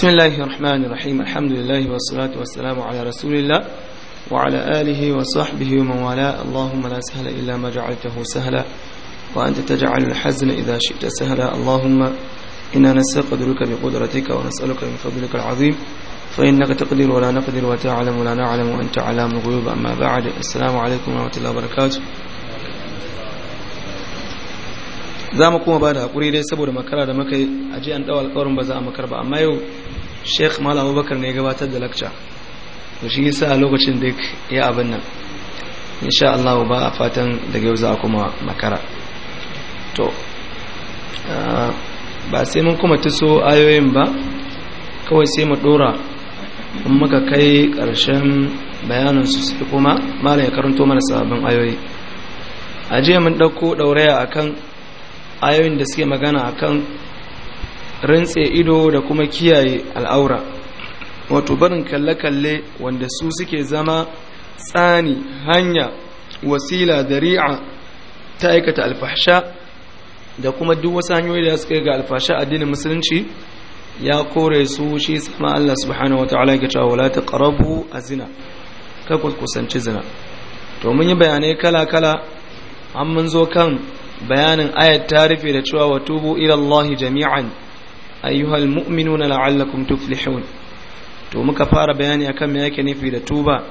بسم الله الرحمن الرحيم الحمد لله والصلاة والسلام على رسول الله وعلى آله وصحبه ومن والاه اللهم لا سهل إلا ما جعلته سهلا وأنت تجعل الحزن إذا شئت سهلا اللهم إنا نستقدرك بقدرتك ونسألك من فضلك العظيم فإنك تقدر ولا نقدر وتعلم ولا نعلم وأنت علام الغيوب أما بعد السلام عليكم ورحمة الله وبركاته za mu kuma ba da haƙuri dai saboda makara da muka yi a an ba za a makar ba amma yau sheikh malam abubakar ne gabatar da lakca to shi yasa lokacin duk ya abin nan insha Allah ba a fatan daga yau za kuma makara to ba sai mun kuma taso ayoyin ba kawai sai mu dora in muka kai karshen bayanin su sai kuma malam ya karanto mana sababbin ayoyi a jiya mun ɗauko ɗauraya akan ayoyin da suke magana akan rantse ido da kuma kiyaye al'aura wato barin kalle-kalle wanda su suke zama tsani hanya wasila dari'a ta aikata alfahsha da kuma duk wasu hanyoyi da suka ga alfasha addinin musulunci ya kore su shi sama Allah subhanahu wataala ya cewa wala taqrabu azina ka kusanci zina to mun yi bayanai kala kala an mun zo kan bayanin ayat ta rufe da cewa wa tubu ila Allah jami'an ayyuhal mu'minuna la'allakum tuflihun to muka fara bayani akan me yake nufi da tuba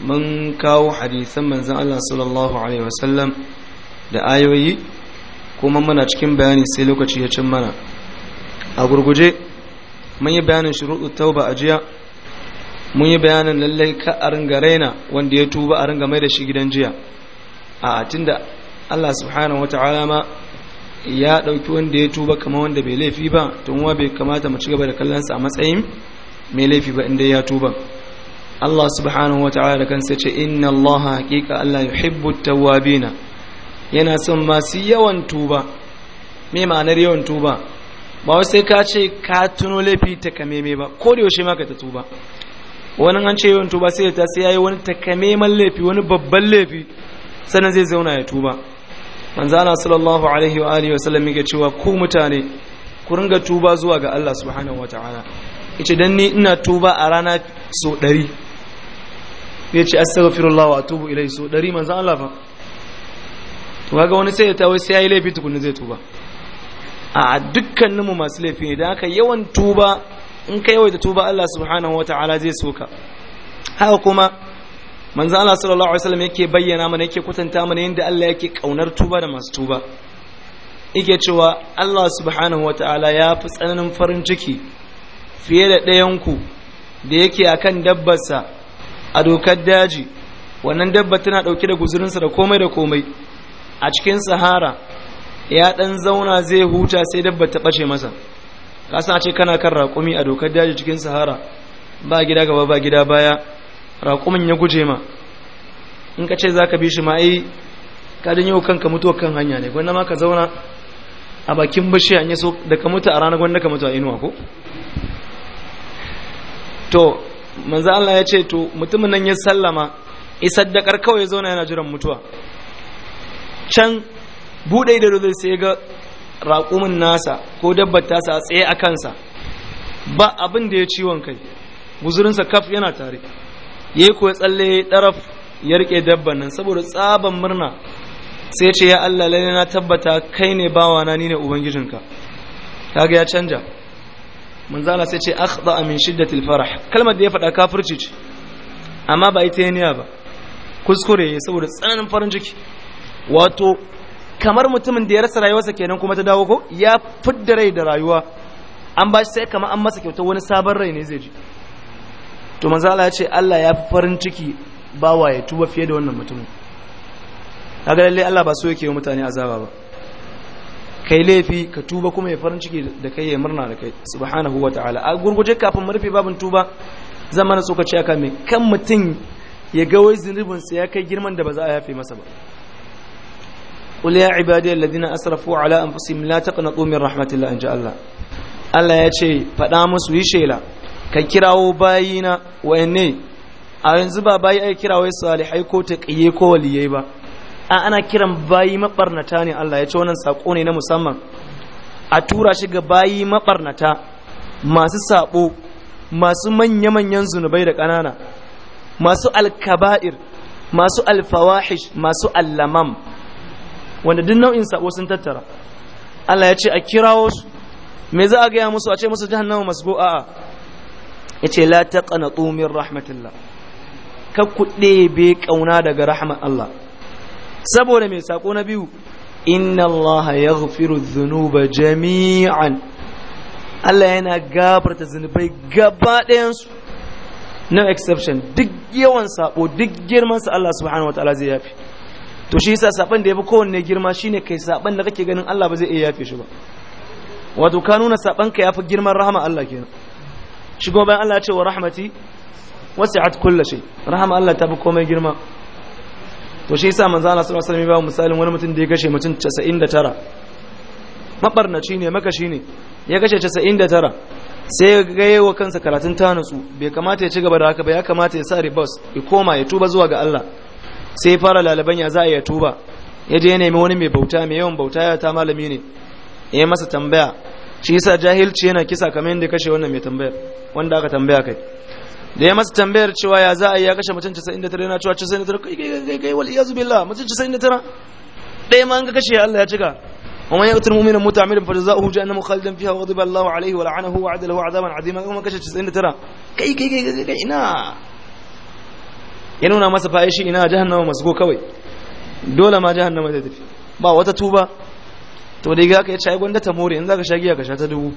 mun kawo hadisan manzon Allah sallallahu alaihi wasallam da ayoyi kuma muna cikin bayani sai lokaci ya cin mana a gurguje mun yi bayanin shuruɗu tauba a jiya mun yi bayanin lallai ka a ringa raina wanda ya tuba a ringa mai da shi gidan jiya A'a tunda Allah subhanahu wataala ma ya ɗauki wanda ya tuba kama wanda bai laifi ba tun wa bai kamata mu ci gaba da kallonsa a matsayin mai laifi ba inda ya tuba Allah subhanahu wata'ala da kansa ce inna Allah haƙiƙa Allah yuhibbu tawwabina yana son masu yawan tuba me ma'anar yawan tuba ba wai sai ka ce ka tuno laifi ta me ba ko da yaushe ma ka ta tuba wani an ce yawan tuba sai ta sai yayi wani takamaiman laifi wani babban laifi sannan zai zauna ya tuba manzana sallallahu alaihi wa alihi sallam yake cewa ku mutane ku ringa tuba zuwa ga Allah subhanahu wataala yace dan ni ina tuba a rana so 100 yace astaghfirullah wa atubu ilayhi so 100 manzan Allah fa to kaga wani sai ya tawo sai yayi laifi tukunna zai tuba a dukkanin mu masu laifi ne dan haka yawan tuba in ka yawaita tuba Allah subhanahu wataala zai soka haka kuma manzo Allah sallallahu alaihi wasallam yake bayyana mana yake kwatanta mana yadda Allah yake kaunar tuba da masu tuba yake cewa Allah subhanahu wataala ya fi tsananin farin ciki fiye da ɗayan ku da yake akan dabbarsa a dokar daji wannan dabba tana ɗauke da guzurinsa da komai da komai a cikin sahara ya ɗan zauna zai huta sai dabba ta ɓace masa ka a ce kana kan raƙumi a dokar daji cikin sahara ba gida gaba ba gida baya raƙumin ya guje ma in ka ce za ka bi shi ma ai ka janyo kanka mutuwa kan hanya ne gwanda ma ka zauna a bakin bashi an so da ka mutu a ranar gwanda ka mutu a inuwa ko to manza Allah ya ce to mutumin nan ya sallama isa da kawai ya zauna yana jiran mutuwa can buɗe da zai sai ga raƙumin nasa ko dabbar tasa a tsaye a kansa ba abin da ya ciwon kai guzurinsa kaf yana tare ya yi kuwa tsalle ɗaraf ya rike dabba nan saboda tsaban murna sai ce ya Allah lalle na tabbata kai ne bawana ni ne ubangijinka kaga ya canja manzala sai ce akhda min shiddatil farah kalmar da ya faɗa kafirci ce amma ba ita yaniya ba kuskure saboda tsananin farin ciki wato kamar mutumin da ya rasa rayuwarsa kenan kuma ta dawo ko ya fidda rai da rayuwa an ba shi sai kamar an masa kyauta wani sabon rai ne zai ji to manzala ya ce Allah ya fi farin ciki wa ya tuba fiye da wannan mutumin kaga lalle Allah ba so yake wa mutane azaba ba kai laifi ka tuba kuma ya farin ciki da kai ya murna da kai subhanahu ta'ala a gurguje kafin mu babin tuba zan mana tsokaci aka mai kan mutum ya ga wai zunubinsa ya kai girman da ba za a yafe masa ba قل يا عبادي الذين اسرفوا على انفسهم لا تقنطوا من رحمه الله ان Allah ya ce faɗa masu yi shela ka kirawo bayina wayanne a yanzu ba bayi ai kirawo salihai ko taqiye ko waliyai ba a ana kiran bayi mabarnata ne Allah ya ce wannan sako ne na musamman a tura shi ga bayi mabarnata masu sabo masu manya-manyan zunubai da ƙanana masu alkaba'ir masu alfawahish masu allamam wanda duk nau'in sabo sun tattara Allah ya ce a kirawo su me za a gaya musu a ce musu jahannama masu a'a yace la ƙana tsumin rahmatullah ka kuɗe be ƙauna daga rahman Allah saboda mai sako na biyu inna Allah yaghfiru ba jami'an Allah yana gabarta zunubai gaba ɗayansu no exception duk yawan sabo duk girman sa Allah subhanahu wataala zai yafi to shi yasa saban da yafi kowanne girma shine kai saban da kake ganin Allah ba zai iya yafe shi ba wato ka nuna saban ka yafi girman rahama Allah kenan Shigo bayan Allah ya ce wa rahmati wasi'at kulli shay rahama Allah ta bi komai girma to shi yasa manzo Allah sallallahu alaihi wasallam ya ba misalin wani mutum da ya kashe mutum 99 mabarnaci ne makashi ne ya kashe 99 sai ya ga wa kansa karatun ta nutsu bai kamata ya ci gaba da haka ba ya kamata ya sa ribas ya koma ya tuba zuwa ga Allah sai fara lalaban ya za a ya tuba ya je ya nemi wani mai bauta mai yawan bauta ya ta malami ne ya masa tambaya shi yasa jahilci yana kisa kamar yadda kashe wannan mai tambayar wanda aka tambaya kai da ya masa tambayar cewa ya za a yi ya kashe mutum tara yana cewa 99 kai kai kai kai wal iyazu billah mutum 99 ɗaya ma an ka kashe Allah ya cika za ومن يقتل مؤمنا متعمدا فجزاؤه جهنم خالدا فيها وغضب الله عليه ولعنه وعد له عذابا عظيما وما كشف 90 ترى كاي كاي كاي كاي ina ya nuna masa fa'ishi ina masu masgo kawai dole ma jahannama zai tafi ba wata tuba to dai ga ka yace ai gwanda ta more in zaka sha giya ka sha ta dubu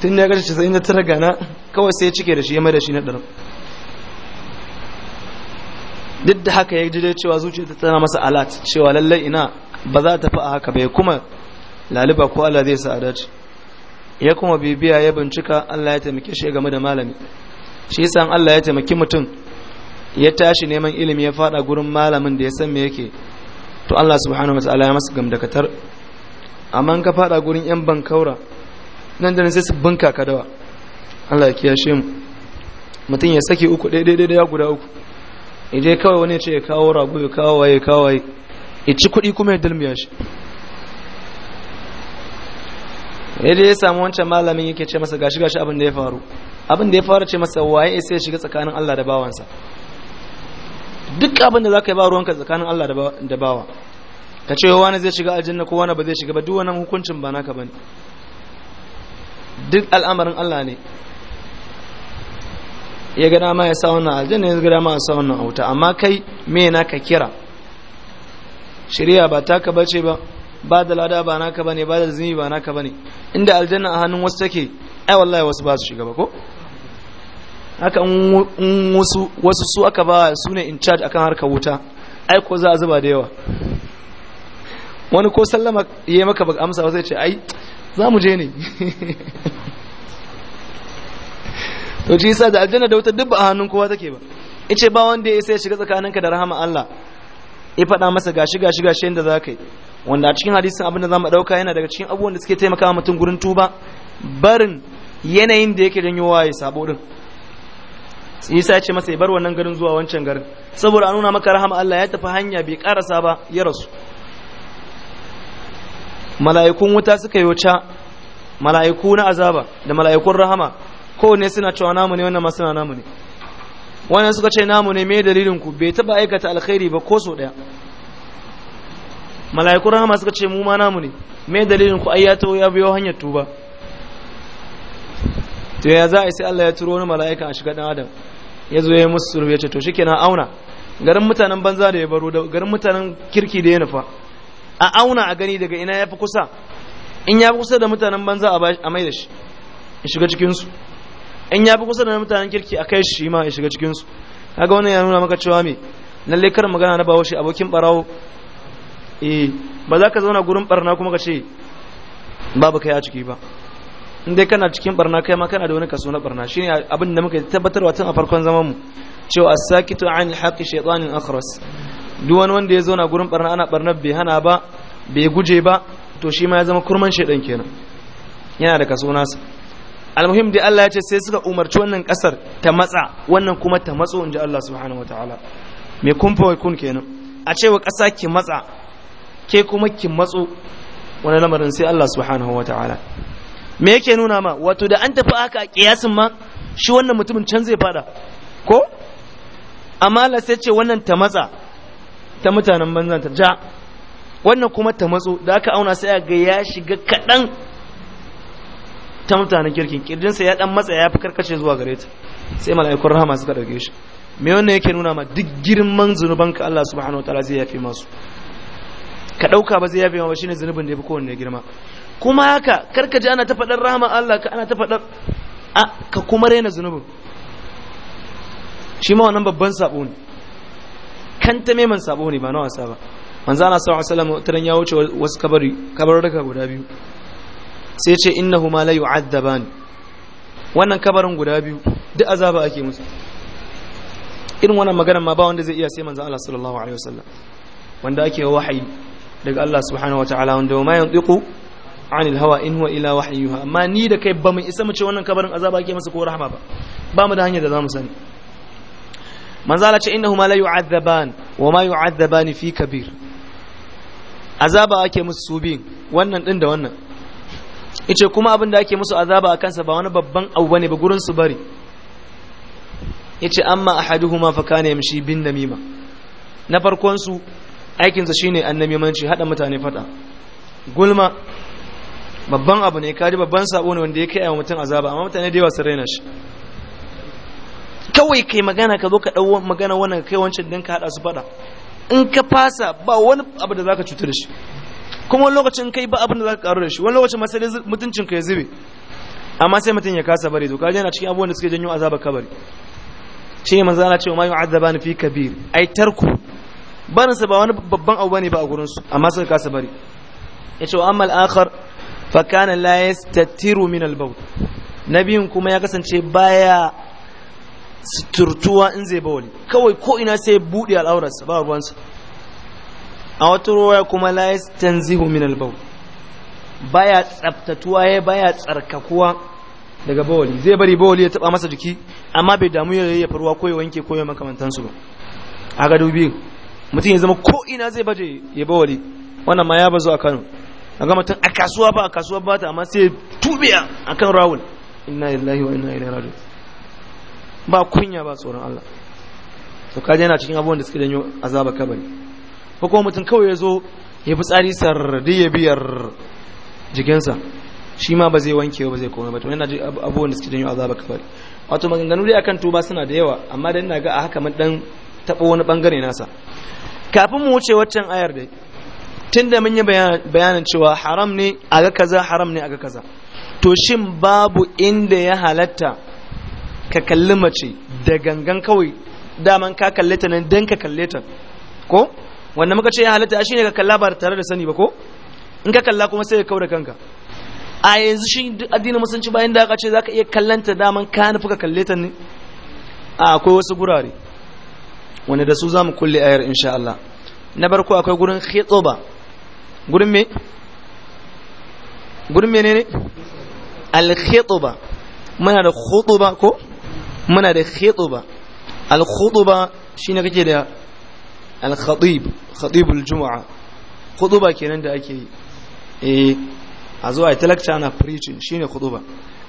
tun ya gashi sai na tara gana kawai sai ya cike da shi ya mai da shi na ɗarin duk da haka ya ji dai cewa zuciya tana masa alat cewa lallai ina ba za ta fi a haka bai kuma laliba ko Allah zai sa a dace ya kuma bibiya ya bincika Allah ya taimake shi game da malami shi yasa Allah ya taimaki mutum ya tashi neman ilimi ya fada gurin malamin da ya san me yake to Allah subhanahu wa ta'ala ya masa gamdakatar amma ka fada gurin yan bankaura nan da sai su banka ka dawa Allah ya kiyashe mu mutum ya sake uku daidai daidai ya guda uku idai kawai wani ya ce ya kawo rago ya kawo waye kawo waye ya ci kuɗi kuma ya dalmiya shi yadda ya samu wancan malamin yake ce masa gashi gashi abin da ya faru abin da ya faru ce masa waye sai ya shiga tsakanin Allah da bawansa duk abin da za ka yi ba ruwanka tsakanin Allah da bawa ka ce wani zai shiga aljanna ko wani ba zai shiga ba duk wannan hukuncin ba naka bane duk al'amarin Allah ne ya ga dama ya sa wannan aljanna ya ga dama ya sa wannan auta amma kai me naka kira shari'a ba taka bace ba ba da lada ba naka bane ba da zini ba naka bane inda aljanna a hannun wasu take ai wallahi wasu ba su shiga ba ko haka in wasu wasu su aka ba su ne in charge akan harkar wuta ai ko za a zuba da yawa wani ko sallama ya maka ba amsa ba sai ce ai za mu je ne to shi sa da aljanna da wuta duk ba a hannun kowa take ba ice ba wanda ya sai shiga tsakaninka da rahama Allah ya faɗa masa gashi gashi gashi yadda za ka yi wanda a cikin hadisin abin da za mu ɗauka yana daga cikin abubuwan da suke taimaka mutum gurin tuba barin yanayin da yake janyo waye sabo din isa ya ce masa ya bar wannan garin zuwa wancan garin saboda a nuna maka rahama Allah ya tafi hanya bai karasa ba ya rasu mala'ikun wuta suka yi wuta mala'iku na azaba da mala'ikun rahama ne suna cewa namu ne wannan masu suna namu ne wannan suka ce namu ne me dalilin ku bai taba aikata alkhairi ba ko so daya mala'ikun rahama suka ce mu ma namu ne me dalilin ku ai ya taho ya biyo hanyar tuba to ya za a sai Allah ya turo wani mala'ika a shiga dan adam ya zo ya musu sulhu ya ce to shikenan auna garin mutanen banza da ya baro garin mutanen kirki da ya nufa a auna a gani daga ina ya fi kusa in ya fi kusa da mutanen banza a mai da shi in shiga cikinsu in ya fi kusa da mutanen kirki a kai shi ma in shiga cikinsu kaga wannan ya nuna maka cewa me lalle karin magana na bawo shi abokin barawo eh ba za ka zauna gurin barna kuma ka ce babu kai a ciki ba in dai kana cikin barna kai ma kana da wani kaso na barna shine abin da muka tabbatarwa tun a farkon zaman mu cewa as-sakitu 'anil haqqi shaytanin akhras duk wani wanda ya zauna gurin barna ana barnar bai hana ba bai guje ba to shi ma ya zama kurman shaidan kenan yana da kaso nasa almuhim dai Allah ya ce sai suka umarci wannan kasar ta matsa wannan kuma ta matso inji Allah subhanahu wataala me kun fa kun kenan a ce wa kasa ki matsa ke kuma ki matso wani lamarin sai Allah subhanahu wataala me yake nuna ma wato da an tafi haka kiyasin ma shi wannan mutumin can zai fada ko amma Allah sai ce wannan ta matsa ta mutanen banzan ta ja wannan kuma ta matso da aka auna sai ga ya shiga kaɗan ta mutanen kirkin sa ya ɗan matsa ya fi karkace zuwa gare ta sai mala'ikun rahama suka ɗauke shi me wannan yake nuna ma duk girman ka Allah subhanahu wataala zai yafe masu ka ɗauka ba zai yafe ma ba shine zunubin da ya fi kowanne girma kuma haka karka ji ana ta faɗar rahama Allah ka ana ta faɗar a ka kuma raina zunubin shi ma wannan babban sabo ne mai man sabo ne ba na wasa ba manzo Allah sallallahu alaihi wasallam taran ya wuce wasu kabari daga guda biyu sai ya ce ma la yu'adzaban wannan kabarin guda biyu duk azaba ake musu irin wannan magana ma ba wanda zai iya sai manzo Allah sallallahu alaihi wasallam wanda ake wahayi daga Allah subhanahu wataala wanda ma yantiqu anil hawa in huwa ila wahyuha amma ni da kai ba mu isa mu ce wannan kabarin azaba ake masa ko rahama ba ba mu da hanyar da zamu sani manzo Allah ce innahuma la yu'adhaban wa ma yu'adhaban fi kabir azaba ake musu su wannan din da wannan yace kuma abin da ake musu azaba a kansa ba wani babban abu bane ba gurin su bari yace amma ahaduhuma fa kana yamshi bin namima na farkon su aikin sa shine annamimanci hada mutane fada gulma babban abu ne kaji babban sabo ne wanda ya kai wa mutum azaba amma mutane da yawa sun raina shi kawai kai magana ka zo ka ɗau magana wannan kai wancan dan ka haɗa su faɗa in ka fasa ba wani abu da za ka cutar shi kuma wani lokacin kai ba abin da za ka karu da shi wani lokacin masai mutuncin ka ya zube amma sai mutum ya kasa bari to kaje yana cikin abubuwan da suke janyo azaba kabari shi manzo Allah cewa ma yu'adzabani fi kabir ai tarku barin sa ba wani babban abu bane ba a gurin su amma suka kasa bari yace wa amal akhar fa kana la yastatiru min al-bawt nabiyin kuma ya kasance baya suturtuwa in zai bawali kawai ko ina sai buɗe al'aurarsa ba ruwansa a wata ruwaya kuma la zihu min albau ba baya tsaftatuwa ya eh, baya tsarkakuwa daga bawali zai bari bawali ya taba masa jiki amma bai damu ya yi faruwa ko ya wanke ko ya makamantan ba a ga dubi mutum ya zama ko ina zai baje ya bawali wannan ma ya bazo a Kano a ga mutum a kasuwa ba a kasuwa ba ta amma sai tubiya kan rawul inna lillahi wa inna ilaihi raji'un ba kunya ba tsoron Allah to kaje yana cikin abubuwan da suke janyo azaba kabari ko kuma mutum kawai ya zo ya fi tsari sardi ya biyar jikinsa shi ma ba zai wanke ba zai komai ba to yana abubuwan da suke janyo azaba kabari wato maganganu dai akan tuba suna da yawa amma dan ina ga a haka mun dan taɓo wani bangare nasa kafin mu wuce waccan ayar dai tunda mun yi bayanin cewa haram ne aga kaza haram ne aga kaza to shin babu inda ya halatta ka kalli mace da gangan kawai daman ka kalle ta nan dan ka kalle ta ko wanda muka ce ya halatta ne ka kalla ba tare da sani ba ko in ka kalla kuma sai ka kaura kanka a yanzu shi addinin musulunci bayan da aka ce zaka iya kallanta daman ka nufi ka kalle ta ne a akwai wasu gurare wanda da su zamu kulle ayar insha Allah na barko akwai gurin khitba gurin me gurin menene al khitba muna da khutba ko muna da khutba al khutba shine kake da al khatib khatibul juma'a khutba kenan da ake yi eh a zuwa ita lecture ana preaching shine khutba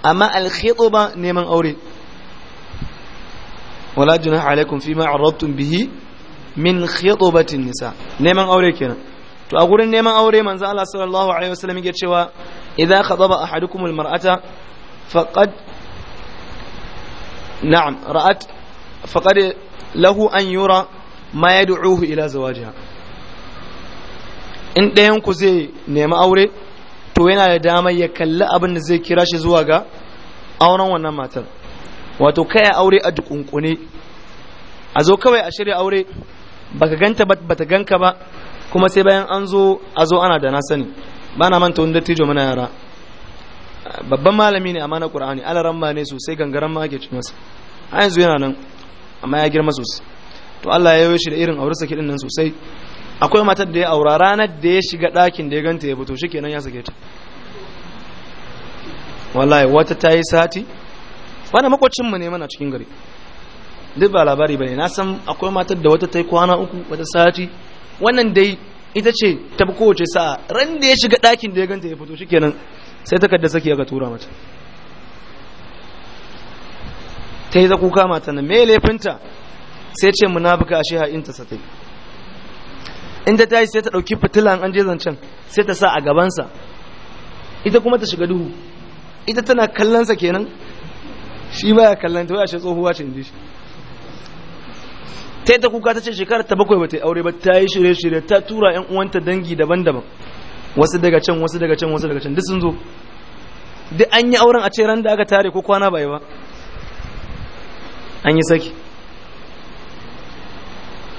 amma al khutba neman aure wala junaha alaikum fima arabtum bihi min khutbatin nisa neman aure kenan to a gurin neman aure manzo Allah sallallahu alaihi wasallam yake cewa idza khadaba ahadukum al mar'ata faqad na'am ra'at faqad lahu an yura ma yad'uhu ila zawajiha in ɗayan ku zai nemi aure to yana da damar ya kalli abin da zai kira shi zuwa ga auren wannan matar wato kaya aure a dukunkune a zo kawai a shirya aure baka ganta bata ganka ba kuma sai bayan an zo a zo ana da na sani ba na manta wani dattijo mana yara babban malami ne mana ƙura'ani alaran ma ne sosai gangaran ma ake ci a yanzu yana nan amma ya girma sosai to Allah ya yi shi da irin aure saki din nan sosai akwai matar da ya aura ranar da ya shiga ɗakin da ya ganta ya fito shikenan ya sake ta wallahi wata ta yi sati wani makwacinmu ne mana cikin gari duk ba labari ba ne na san akwai matar da wata ta yi kwana uku wata sati wannan dai ita ce ta kowace sa'a ran da ya shiga ɗakin da ya ganta ya fito shikenan sai takardar saki aka tura mata ta yi kuka mata na me laifinta sai ce munafuka ashe ha'inta sa ta yi inda ta yi sai ta ɗauki fitilan an je zancen sai ta sa a gabansa ita kuma ta shiga duhu ita tana kallonsa kenan shi baya kallon ta wace tsohuwa ce inji shi ta yi ta kuka ta ce shekarar ta bakwai ba ta yi aure ba ta yi shirye-shirye ta tura 'yan uwanta dangi daban-daban wasu daga can wasu daga can wasu daga can duk sun zo duk an yi auren a ce ran da aka tare ko kwana bai ba an yi saki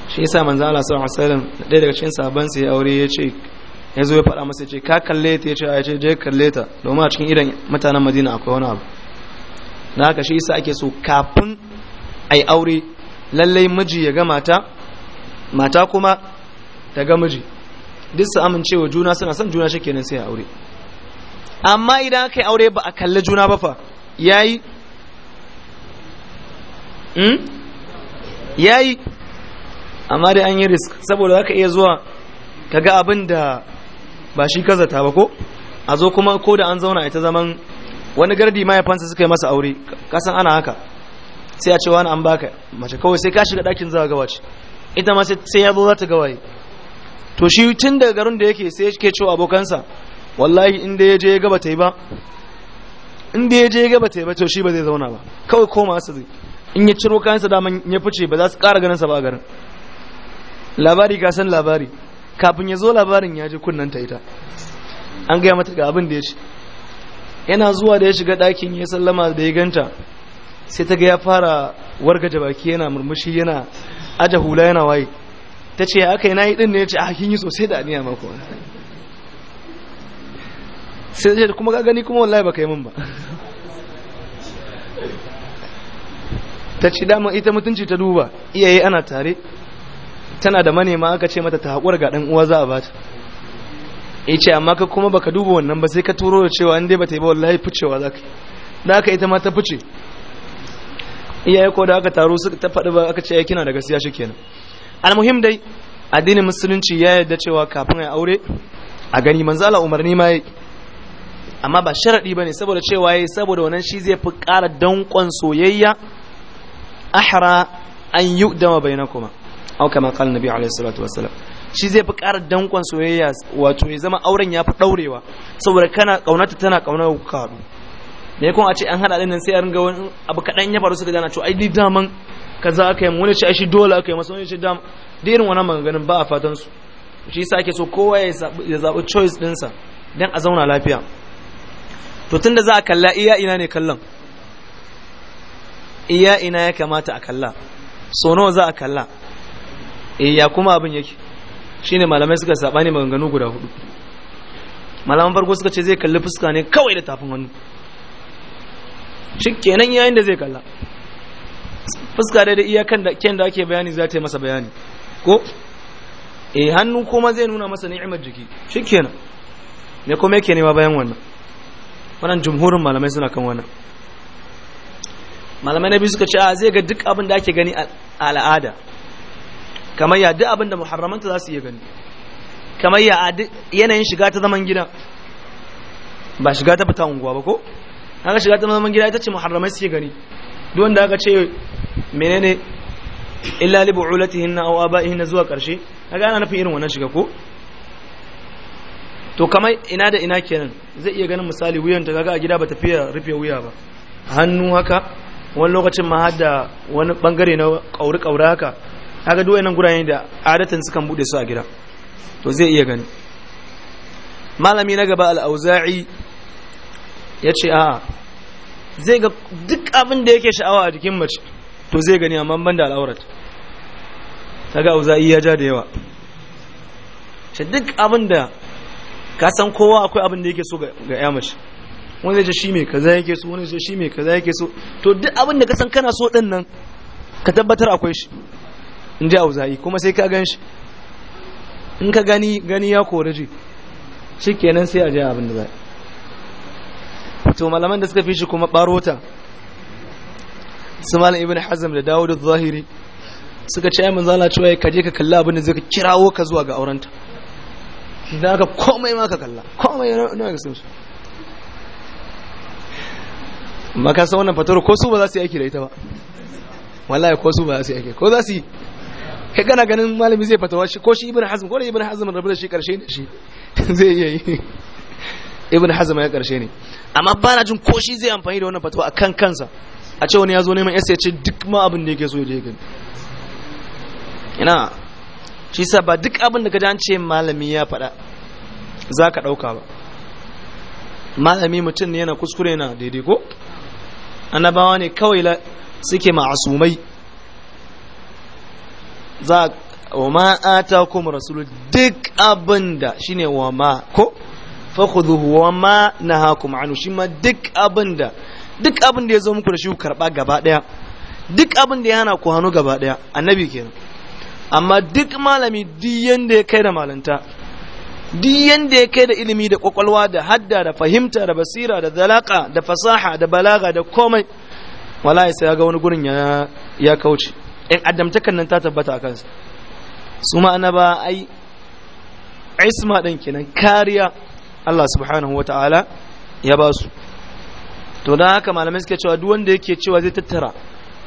shi yasa manzo Allah sallallahu alaihi wasallam ɗaya daga cikin sahabban sai aure ya ce ya zo ya faɗa masa ya ce ka kalle ta ya ce ya ce je kalle ta domin a cikin idan mutanen Madina akwai wani abu na haka shi yasa ake so kafin ai aure lallai miji ya ga mata mata kuma ta ga miji duk su amincewa juna suna son juna shi kenan sai aure amma idan aka yi aure ba a kalli juna ba fa yayi hmm? yayi amma dai an yi risk saboda zaka iya zuwa kaga abin da ba shi kazata ba ko a zo kuma ko da an zauna ita zaman wani gardi mahaifansa suka yi masa aure kasan ana haka sai a ce wani an baka mace kawai sai ka shiga dakin zuwa gawa ce, ita ma sai ya zo za ta gawaye to shi tun daga garin da yake sai yake cewa abokansa wallahi inda ya je ya gaba ta yi ba inda ya je ya gaba ta yi ba to shi ba zai zauna ba kawai koma su zai in ya ciro kayansa daman ya fice ba za su ƙara ganin sa ba a garin labari ka san labari kafin ya zo labarin ya je kunnan ta ita an gaya mata ga abin da ya ce yana zuwa da ya shiga ɗakin ya sallama da ya ganta sai ta ga ya fara warga baki yana murmushi yana aja hula yana waye ta ce aka yi na yi ɗin ne ya ce a kin yi sosai da aniya mako sai ta ce kuma ka gani kuma wallahi ba ka yi min ba ta ce dama ita mutunci ta duba iyaye ana tare tana da manema aka ce mata ta haƙura ga ɗan uwa za a bata ya ce amma ka kuma baka duba wannan ba sai ka turo da cewa inda ba ta yi ba wallahi ficewa za ka da aka ita ma ta fice iyaye ko da aka taro suka ta faɗi ba aka ce ya kina da gaskiya shi kenan almuhim dai addinin musulunci ya yarda cewa kafin ya aure a gani manzo Allah umarni ma yi amma ba sharadi bane saboda cewa yayi saboda wannan shi zai fi ƙara danƙon soyayya ahra an yu'dama bainakuma au kama qala nabi alaihi salatu wasalam shi zai fi ƙara danƙon soyayya wato ya zama auren ya fi daurewa saboda kana ƙaunata tana ƙaunar ku haɗu me kun a ce an haɗa ɗin nan sai a ringa wani abu kaɗan ya faru suka gana to ai ni daman kaza aka yi wani ce shi dole aka yi masa wani ce dam da irin wannan maganganun ba a fatan su shi sa ake so kowa ya zaɓi choice ɗinsa don a zauna lafiya to tun da za a kalla iya ina ne kallon iya ina ya kamata a kalla so nawa za a kalla iya eh, kuma abin yake shine malamai suka saba ne maganganu guda hudu malaman farko suka ce zai kalli fuska ne kawai da tafin hannu shi kenan yayin da zai kalla fuska da iyakan da ken da ake bayani za ta yi masa bayani ko eh hannu kuma zai nuna masa ni'imar jiki shikenan me kuma yake nema bayan wannan wannan jumhurin malamai suna kan wannan malamai na biyu suka ce a zai ga duk abin da ake gani a al'ada kamar ya duk abin da muharramanta za su iya gani kamar ya yanayin shiga ta zaman gida ba shiga ta fita unguwa ba ko haka shiga ta zaman gida ita ce muharramai suke gani duk wanda aka ce menene illa li bu'ulatihinna aw aba'ihinna zuwa karshe kaga ana nufin irin wannan shiga ko to kamar ina da ina kenan zai iya ganin misali wuyan ta kaga a gida bata fiya rufe wuya ba hannu haka wani lokacin ma har da wani bangare na kauri kauri haka kaga duk wannan gurane da adatan sukan bude su a gida to zai iya gani malami na gaba al-auza'i yace a'a zai ga duk abin da yake sha'awa a jikin mace to zai gani amma ban da al'aurat kaga uza ya ja da yawa shi duk abin da ka san kowa akwai abin da yake so ga ya mace wani zai ce shi mai kaza yake so wani zai ce shi mai kaza yake so to duk abin da ka san kana so din nan ka tabbatar akwai shi in ji auza'i kuma sai ka gan shi in ka gani gani ya kori ji shi kenan sai a je abin da za to malaman da suka fi shi kuma barota su malam ibn hazm da dawud zahiri suka ce ai manzo Allah cewa ka je ka kalla abin da zai kirawo ka zuwa ga aurenta idan aka komai ma ka kalla komai ne ga sun su maka wannan fatoro ko su ba za su yi aiki da ita ba wallahi ko su ba za su yi aiki ko za su yi kai kana ganin malami zai fatawa shi ko shi ibn hazm ko da ibn hazm rabu da shi karshe ne shi zai iya yi ibn hazm ya karshe ne amma ba na jin ko shi zai amfani da wannan fatawa a kan kansa a ce wani ya zo neman yasa ya ce duk ma abin da yake so ya gani ina shi sa ba duk abin da gadan ce malami ya faɗa za ka ɗauka ba malami mutum ne yana kuskure na daidai ko annabawa ne kawai la suke ma'asumai za wa ko atakum rasul duk abinda ne wa ma ko fakhudhuhu wa ma nahakum anhu shi ma duk abinda duk abinda ya zo muku da shi ku karba gaba daya duk abinda ya hana ku hannu gaba daya annabi kenan amma duk malami duk yanda ya kai da malanta duk yanda ya kai da ilimi da kwakwalwa da hadda da fahimta da basira da zalaka da fasaha da balaga da komai wallahi sai ga wani gurin ya ya kauce in addamtakan nan ta tabbata a kansa su ma'ana ba ai isma ɗin kenan kariya Allah subhanahu ta'ala ya ba su to don haka malamai suke cewa duk wanda yake cewa zai tattara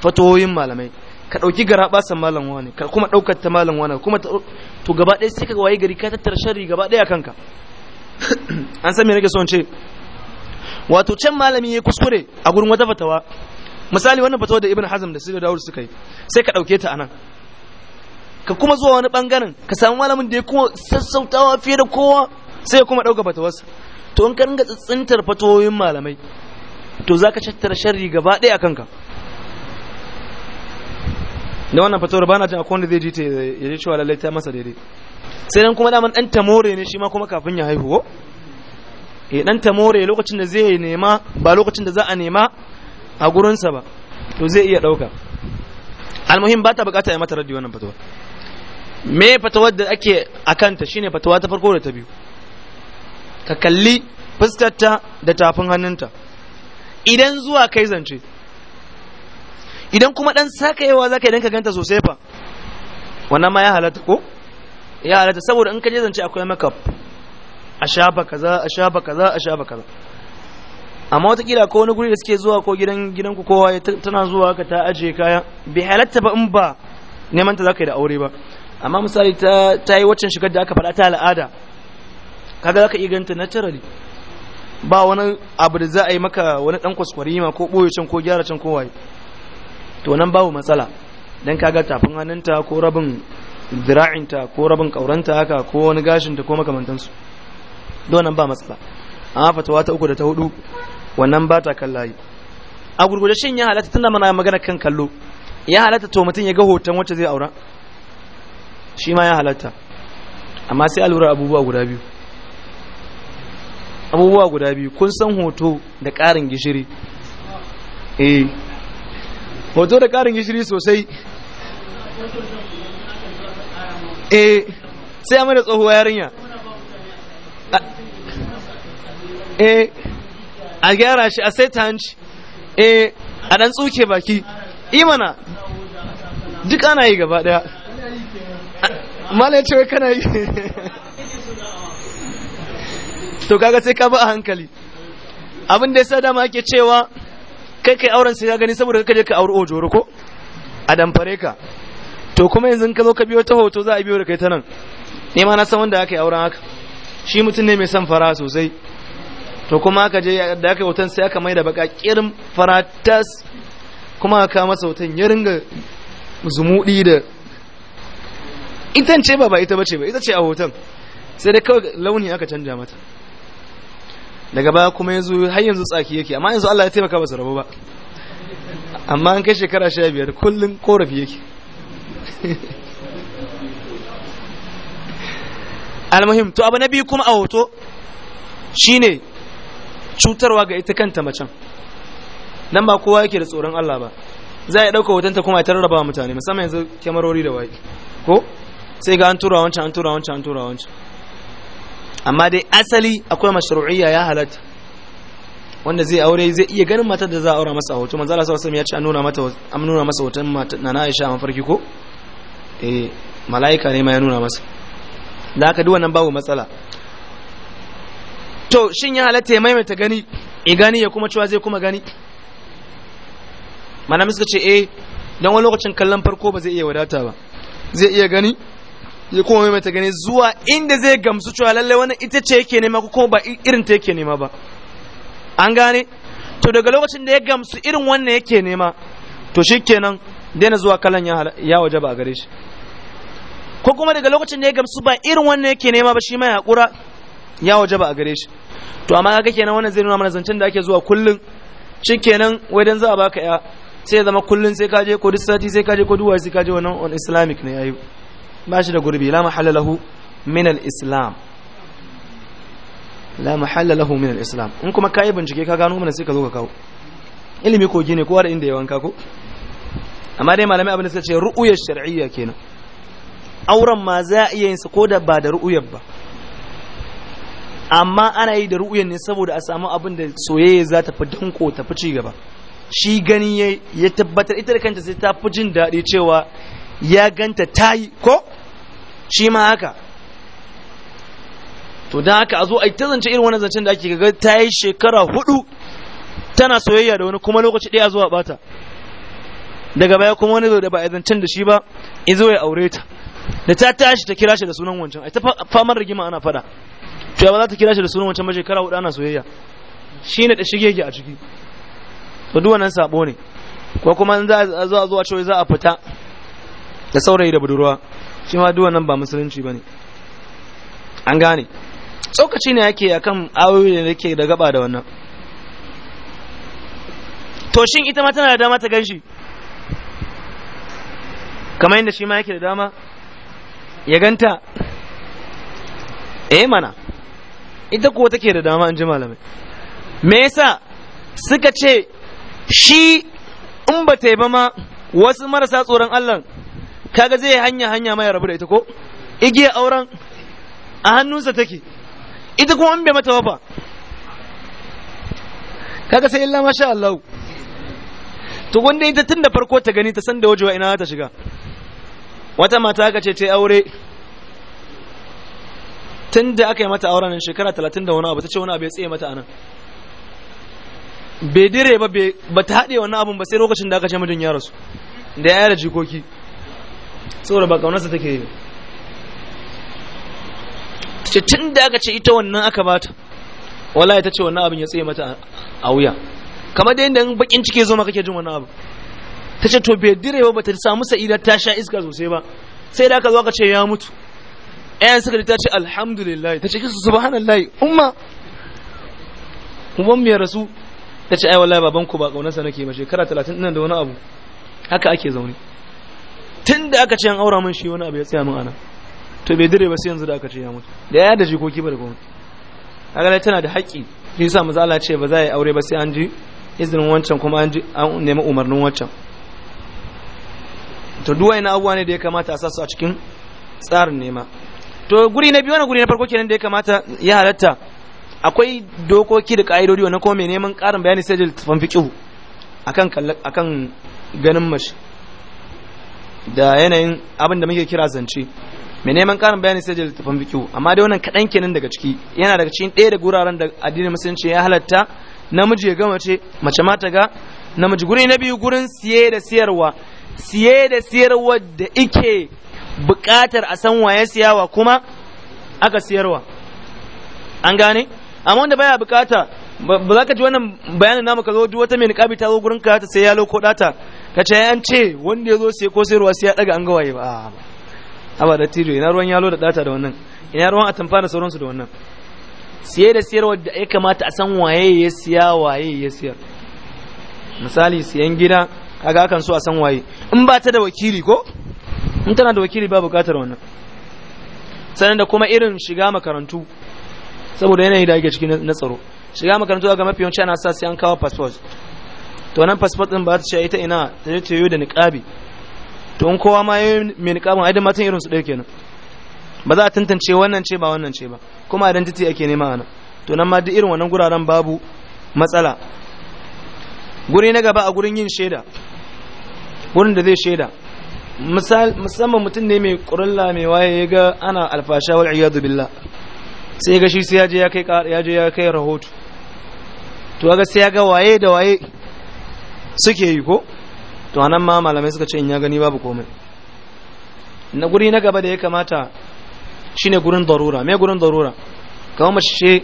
fatoyin malamai ka ɗauki gara basan malam wani ka kuma ɗaukar ta malam wani kuma to gaba ɗaya sai ka waye gari ka tattara sharri gaba ɗaya kanka an san me nake son ce wato can malami ya kuskure a gurin wata fatawa misali wannan fatawa da ibn hazm da sirri dawud suka yi sai ka ɗauke ta anan ka kuma zuwa wani bangaren ka samu malamin da ya kuma sassautawa fiye da kowa sai kuma ɗauka fatawarsa to in ka ringa tsintsintar fatawoyin malamai to za ka cattara sharri gaba ɗaya a kanka da wannan fatawar ba na jin akwai wanda zai ji ta ya ji cewa lallai ta masa daidai sai dan kuma daman ɗan tamore ne shi ma kuma kafin ya haihu ko eh, ɗan tamore lokacin da zai nema ba lokacin da za a nema a gurinsa ba to zai iya ɗauka almuhim ba ta bukata ya mata radi wannan fatawa me fatawar da ake akanta shine fatawa ta farko da ta biyu ka kalli fuskarta da tafin hannunta idan zuwa kai zance idan kuma dan sakayewa zaka idan ka ganta sosai fa wannan ma ya halatta ko ya halatta saboda in ka je zance akwai makeup a shafa kaza a shafa kaza a shafa kaza amma watakila ko wani guri da suke zuwa ko gidan gidan ku kowa tana zuwa ka ta aje kaya bai halatta ba in ba neman ta zaka yi da aure ba amma misali ta ta yi waccan shigar da aka faɗa ta al'ada kaga zaka iya ganta naturally ba wani abu da za a yi maka wani dan kwaskwarima ko boye can ko gyara can ko waye to nan babu matsala dan kaga tafin hannunta ko rabin zira'inta ko rabin kauranta haka ko wani gashinta ko makamantansu don nan ba matsala amma fatawa ta uku da ta hudu wannan ba ta kallaye a gurgurde shin ya halatta tunda mana magana kan kallo ya halatta to mutum ya ga hoton wacce zai aura shi ma ya halatta amma sai alura abubuwa guda biyu abubuwa guda biyu kun san hoto da ƙarin gishiri eh hoto da ƙarin gishiri sosai eh sai ya da tsohuwa yarinya eh a gyara shi a sai ta hanci eh a ɗan tsuke baki imana duk ana yi gaba ɗaya mala ya ce kana yi to kaga sai ka bi a hankali abin da yasa dama ake cewa kai kai auren sai ka gani saboda kai je ka auri ojoro ko a damfare ka to kuma yanzu ka zo ka biyo ta hoto za a biyo da kai ta nan ne ma na san wanda aka yi auren haka shi mutum ne mai son fara sosai to kuma aka je da aka yi hoton sai aka mai da baka kirin fara tas kuma aka masa hoton ya ringa zumuɗi da ita ce ba ba ita bace ba ita ce a hoton sai dai kawai launi aka canja mata daga baya kuma yanzu har yanzu tsaki yake amma yanzu Allah ya taimaka ba su rabu ba amma an kai shekara sha biyar kullum korafi yake almuhim to abu na biyu kuma a hoto shine cutarwa ga ita kanta macen dan ba kowa yake da tsoron Allah ba za a ɗauka hotonta kuma ya tarraba mutane musamman yanzu kyamarori da waye ko sai ga an tura wancan an tura wancan an tura wancan amma dai asali akwai mashru'iyya ya halatta wanda zai aure zai iya ganin matar da za a aura masa hoto manzo Allah sallallahu alaihi wasallam ya ce an nuna mata an nuna masa hoton na Aisha a farki ko eh malaika ne ma ya nuna masa da haka duk wannan babu matsala to shin ya halatta ya maimaita gani in gani ya kuma cewa zai kuma gani mana suka ce eh don wani lokacin kallon farko ba zai iya wadata ba zai iya gani ya kuma mai mata gani zuwa inda zai gamsu cewa lallai wani ita ce yake nema ko kuma ba irin ta yake nema ba an gane to daga lokacin da ya gamsu irin wannan yake nema to shikenan daina zuwa kalan ya waje ba a gare shi ko kuma daga lokacin da ya gamsu ba irin wannan yake nema ba shi ma ya hakura ya waje ba a gare shi to amma kaga kenan wannan zai nuna mana zancen da ake zuwa kullun shikenan wai dan za a baka ya sai ya zama kullun sai ka je ko duk sati sai ka je ko duwa sai ka je wannan on islamic ne yayi ba shi da gurbi la mahalla lahu min al-islam la mahalla lahu min al-islam in kuma kai bincike ka gano mana sai ka zo ka kawo ilimi ko gine kowa da inda ya wanka ko amma dai malamai abin da suka ce ru'uyar shar'iyya kenan auren ma za a iya yin sa ko da ba da ru'uyar ba amma ana yi da ru'uyar ne saboda a samu abin da soyayya za ta fi danko ta fi ci gaba shi gani ya tabbatar ita da kanta sai ta fi jin daɗi cewa ya ganta ta yi ko shi ma haka to don haka a zo a ta zance irin wani zancen da ake ga ta yi shekara hudu tana soyayya da wani kuma lokaci ɗaya zuwa bata daga baya kuma wani zo da ba a zancen da shi ba in zo ya aure ta da ta tashi ta kira shi da sunan wancan ai ta famar rigima ana fada to ya ba za ta kira shi da sunan wancan ba shekara hudu ana soyayya shine da ki a ciki to duwanan sabo ne ko kuma za a zo a cewa za a fita da saurayi da budurwa shi ma duwan nan ba musulunci ba ne an gane tsokaci ne yake akan ayoyi da yake da gaba da wannan to shin ita ma tana da dama ta gan shi kamar yadda shi ma yake da dama ya ganta eh mana ita kuwa take da dama an ji malamai me yasa suka ce shi in ba ta yi ba ma wasu marasa tsoron Allah kaga zai hanya hanya mai rabu da ita ko igiya auren a hannunsa take ita kuma an bai mata wafa kaga sai illa masha Allah to wanda ita tunda farko ta gani ta san da wajewa ina ta shiga wata mata aka ce ta aure tunda aka yi mata auren shekara talatin da wani abu ta ce wani abu ya tsaye mata anan bai dire ba ba ta haɗe wani abun ba sai lokacin da aka ce mijin ya rasu da ya da jikoki saboda ba kaunarsa take yi ta ce tun da aka ce ita wannan aka bata wallahi ta ce wannan abin ya tsaye mata a wuya kamar da yadda bakin ciki zo ma kake jin wannan abu ta ce to bai dire ba ta samu sa'ida ta sha iska sosai ba sai da aka zo aka ce ya mutu ayan suka ta ce alhamdulillah ta ce kisu subhanallah umma kuma mai rasu ta ce ai wallahi babanku ba kaunarsa nake ba shekara 30 ina da wani abu haka ake zaune tun da aka ce an aura min shi wani abu ya tsaya min ana to bai dire ba sai yanzu da aka ce ya mutu da ya da jikoki ba da kuma. kaga dai tana da haƙƙi shi yasa mu Allah ce ba za a yi aure ba sai an ji izinin wancan kuma an ji an nemi umarnin wancan to duwai na abuwa ne da ya kamata a sa su a cikin tsarin nema to guri na biyu wani guri na farko kenan da ya kamata ya halatta akwai dokoki da ka'idodi wannan kuma mai neman ƙarin bayani sai da tafan fiƙihu akan ganin mashi da yanayin abin da muke kira zance mai neman karin bayani sai da littafin biki amma dai wannan kaɗan kenan daga ciki yana daga cikin ɗaya da guraren da addinin musulunci ya halatta namiji ya gama ce mace mata ga namiji guri na biyu gurin siye da siyarwa siye da siyarwa da ike buƙatar a san waye siyawa kuma aka siyarwa an gane amma wanda baya buƙata ba za ka ji wannan bayanin namu ka zo duk wata mai niƙabi ta zo gurin ka ta sai yalo ko ɗata ka ce yan ce wanda ya zo sai ko sayarwa sai ya daga an ga waye ba haba da tiro ina ruwan yalo da data da wannan ina ruwan atamfa da sauransu da wannan siye da siyarwa da ya kamata a san waye ya siya waye ya siyar misali siyan gida kaga akan so a san waye in ba ta da wakili ko in tana da wakili ba bukatar wannan sannan da kuma irin shiga makarantu saboda yanayi da ake ciki na tsaro shiga makarantu ga mafi yawanci ana sa sai an kawo passport to nan fasfot din ba ta ce ita ina ta ce yo da niqabi to in kowa ma yayin mai niqabin ai da matan irin su ɗaya kenan ba za a tantance wannan ce ba wannan ce ba kuma identity ake nema ana to nan ma duk irin wannan guraren babu matsala guri na gaba a gurin yin shaida gurin da zai shaida musamman mutum ne mai ƙurilla mai waye ya ga ana alfasha wal iyadu billah sai ga shi sai ya je ya kai rahoto to ga sai ya ga waye da waye suke yi ko to anan ma malamai suka ce in ya gani babu komai na guri na gaba da ya kamata shine gurin darura me gurin darura kamar mace ce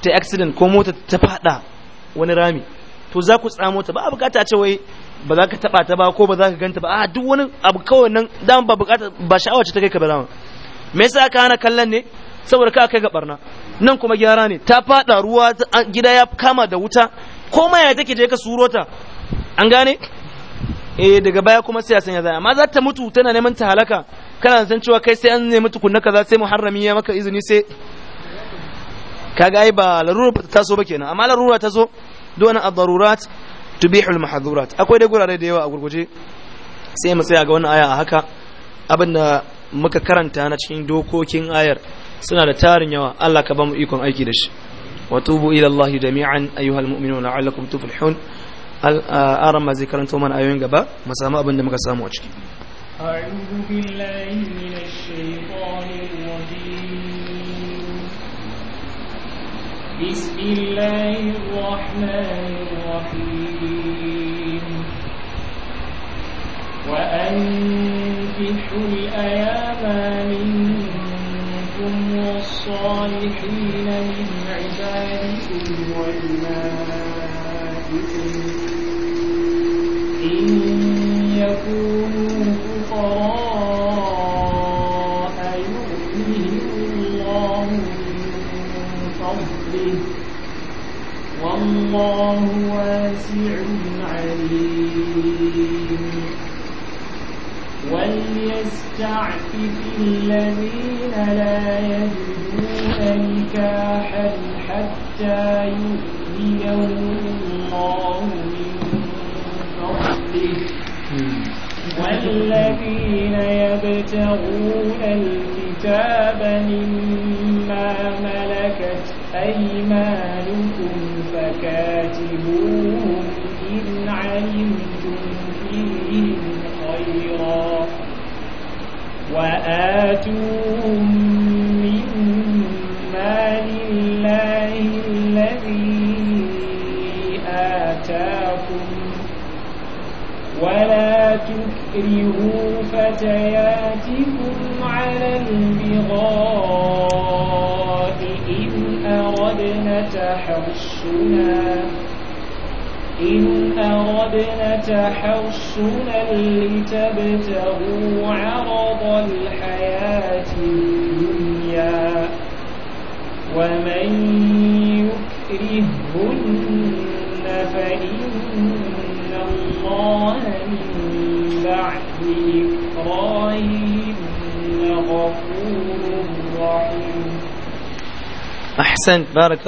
ta accident ko mota ta fada wani rami to za ku tsamo ta ba a bukata ce wai ba za ka taba ta ba ko ba za ka ganta ba a duk wani abu kawai nan dan ba bukata ba sha'awa ce ta kai ka ba dama me yasa ka hana kallon ne saboda ka kai ga barna nan kuma gyara ne ta fada ruwa gida ya kama da wuta ko ma ya take je ka surota an gane eh daga baya kuma sai a sanya zaya amma za ta mutu tana neman ta halaka kana san cewa kai sai an nemi tukunna kaza sai muharrami ya maka izini sai kaga ai ba larura ta so ba kenan amma larura ta zo dona ad-darurat tubihu al-mahdhurat akwai da gurare da yawa a gurguje sai mu tsaya ga wannan aya a haka abinda muka karanta na cikin dokokin ayar suna da tarin yawa Allah ka ba mu ikon aiki da shi wa tubu ila Allah jami'an ayyuhal mu'minuna la'allakum tuflihun al'aran ma zai karanta mana ayoyin gaba mu samu abin da muka samu a ciki إن يكونوا فقراء يغنيهم الله من فضله والله واسع عليم وليستعفف الذين لا يجدون نكاحا حتى يؤذيهم الله الذين يبتغون الكتاب مما ملكت أيمانكم فكاتبوهم إن علمتم فيهم خيرا وآتوهم فاكرهوا فتياتكم على البغاء إن أردنا تحرشنا إن أردنا تحرشنا لتبتغوا عرض الحياة الدنيا ومن بإكراههن غفور رحيم أحسنت بارك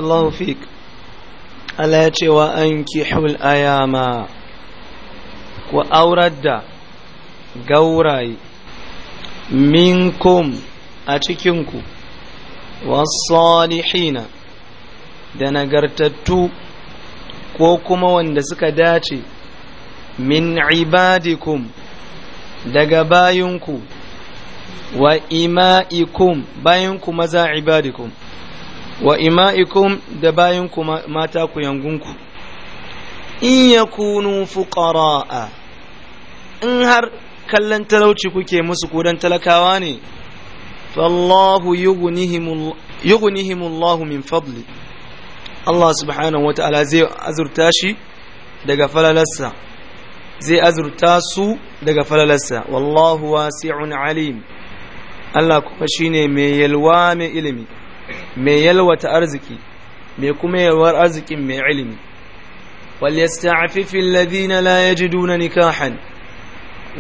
Allah ya ce wa an kihul ayama ku aurar da gauraye minkum a cikinku wasalihina da nagartattu ko kuma wanda suka dace min ibadikum daga bayinku wa ima'ikum bayinku maza ibadikum wa ima'ikum da bayinku mata ku yangunku in yakunu fuqara'a in har kallon talauci kuke musu kudan talakawa ne fallahu yughnihim min fadli Allah subhanahu wa ta'ala zai azurta shi daga falalarsa zai azurta su daga falalarsa wallahu wasi'un alim Allah kuma shine mai yalwa mai ilimi mai yalwata arziki mai kuma yalwar arzikin mai ilimi walyasta'fifi alladhina la yajiduna nikahan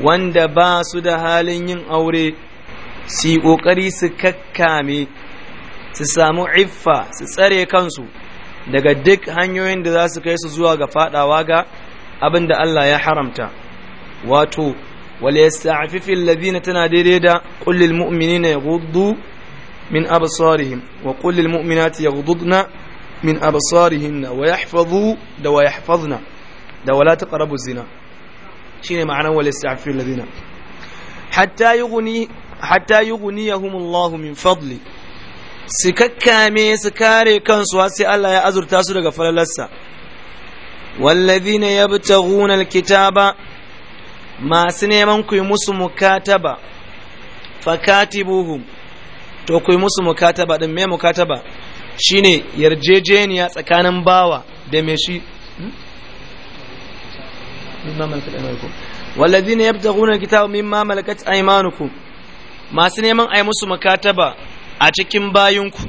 wanda ba su da halin yin aure Si kokari su kakkame su samu iffa su tsare kansu daga duk hanyoyin da za su kai su zuwa ga fadawa ga abinda Allah ya haramta wato wala yasta'fifil ladina tana daidai da qul lil mu'minina yaghuddu min absarihim wa qul lil ya yaghuddna min absarihin wa yahfazu da wa yahfazna da wala ta taqrabu zina shine ma'anar wala yasta'fifil ladina hatta yughni hatta yughniyahumullahu min fadli sikakkame su kare kansu sai Allah ya azurta su daga falalarsa والذين يبتغون الكتاب ما سنيمان كي مسو مكاتبة فكاتبوهم to ku yi musu mukataba din me mukataba shine yarjejeniya tsakanin bawa da me shi wallazina yabtaghuna alkitaba mimma malakat aymanukum masu neman ai musu mukataba a cikin bayinku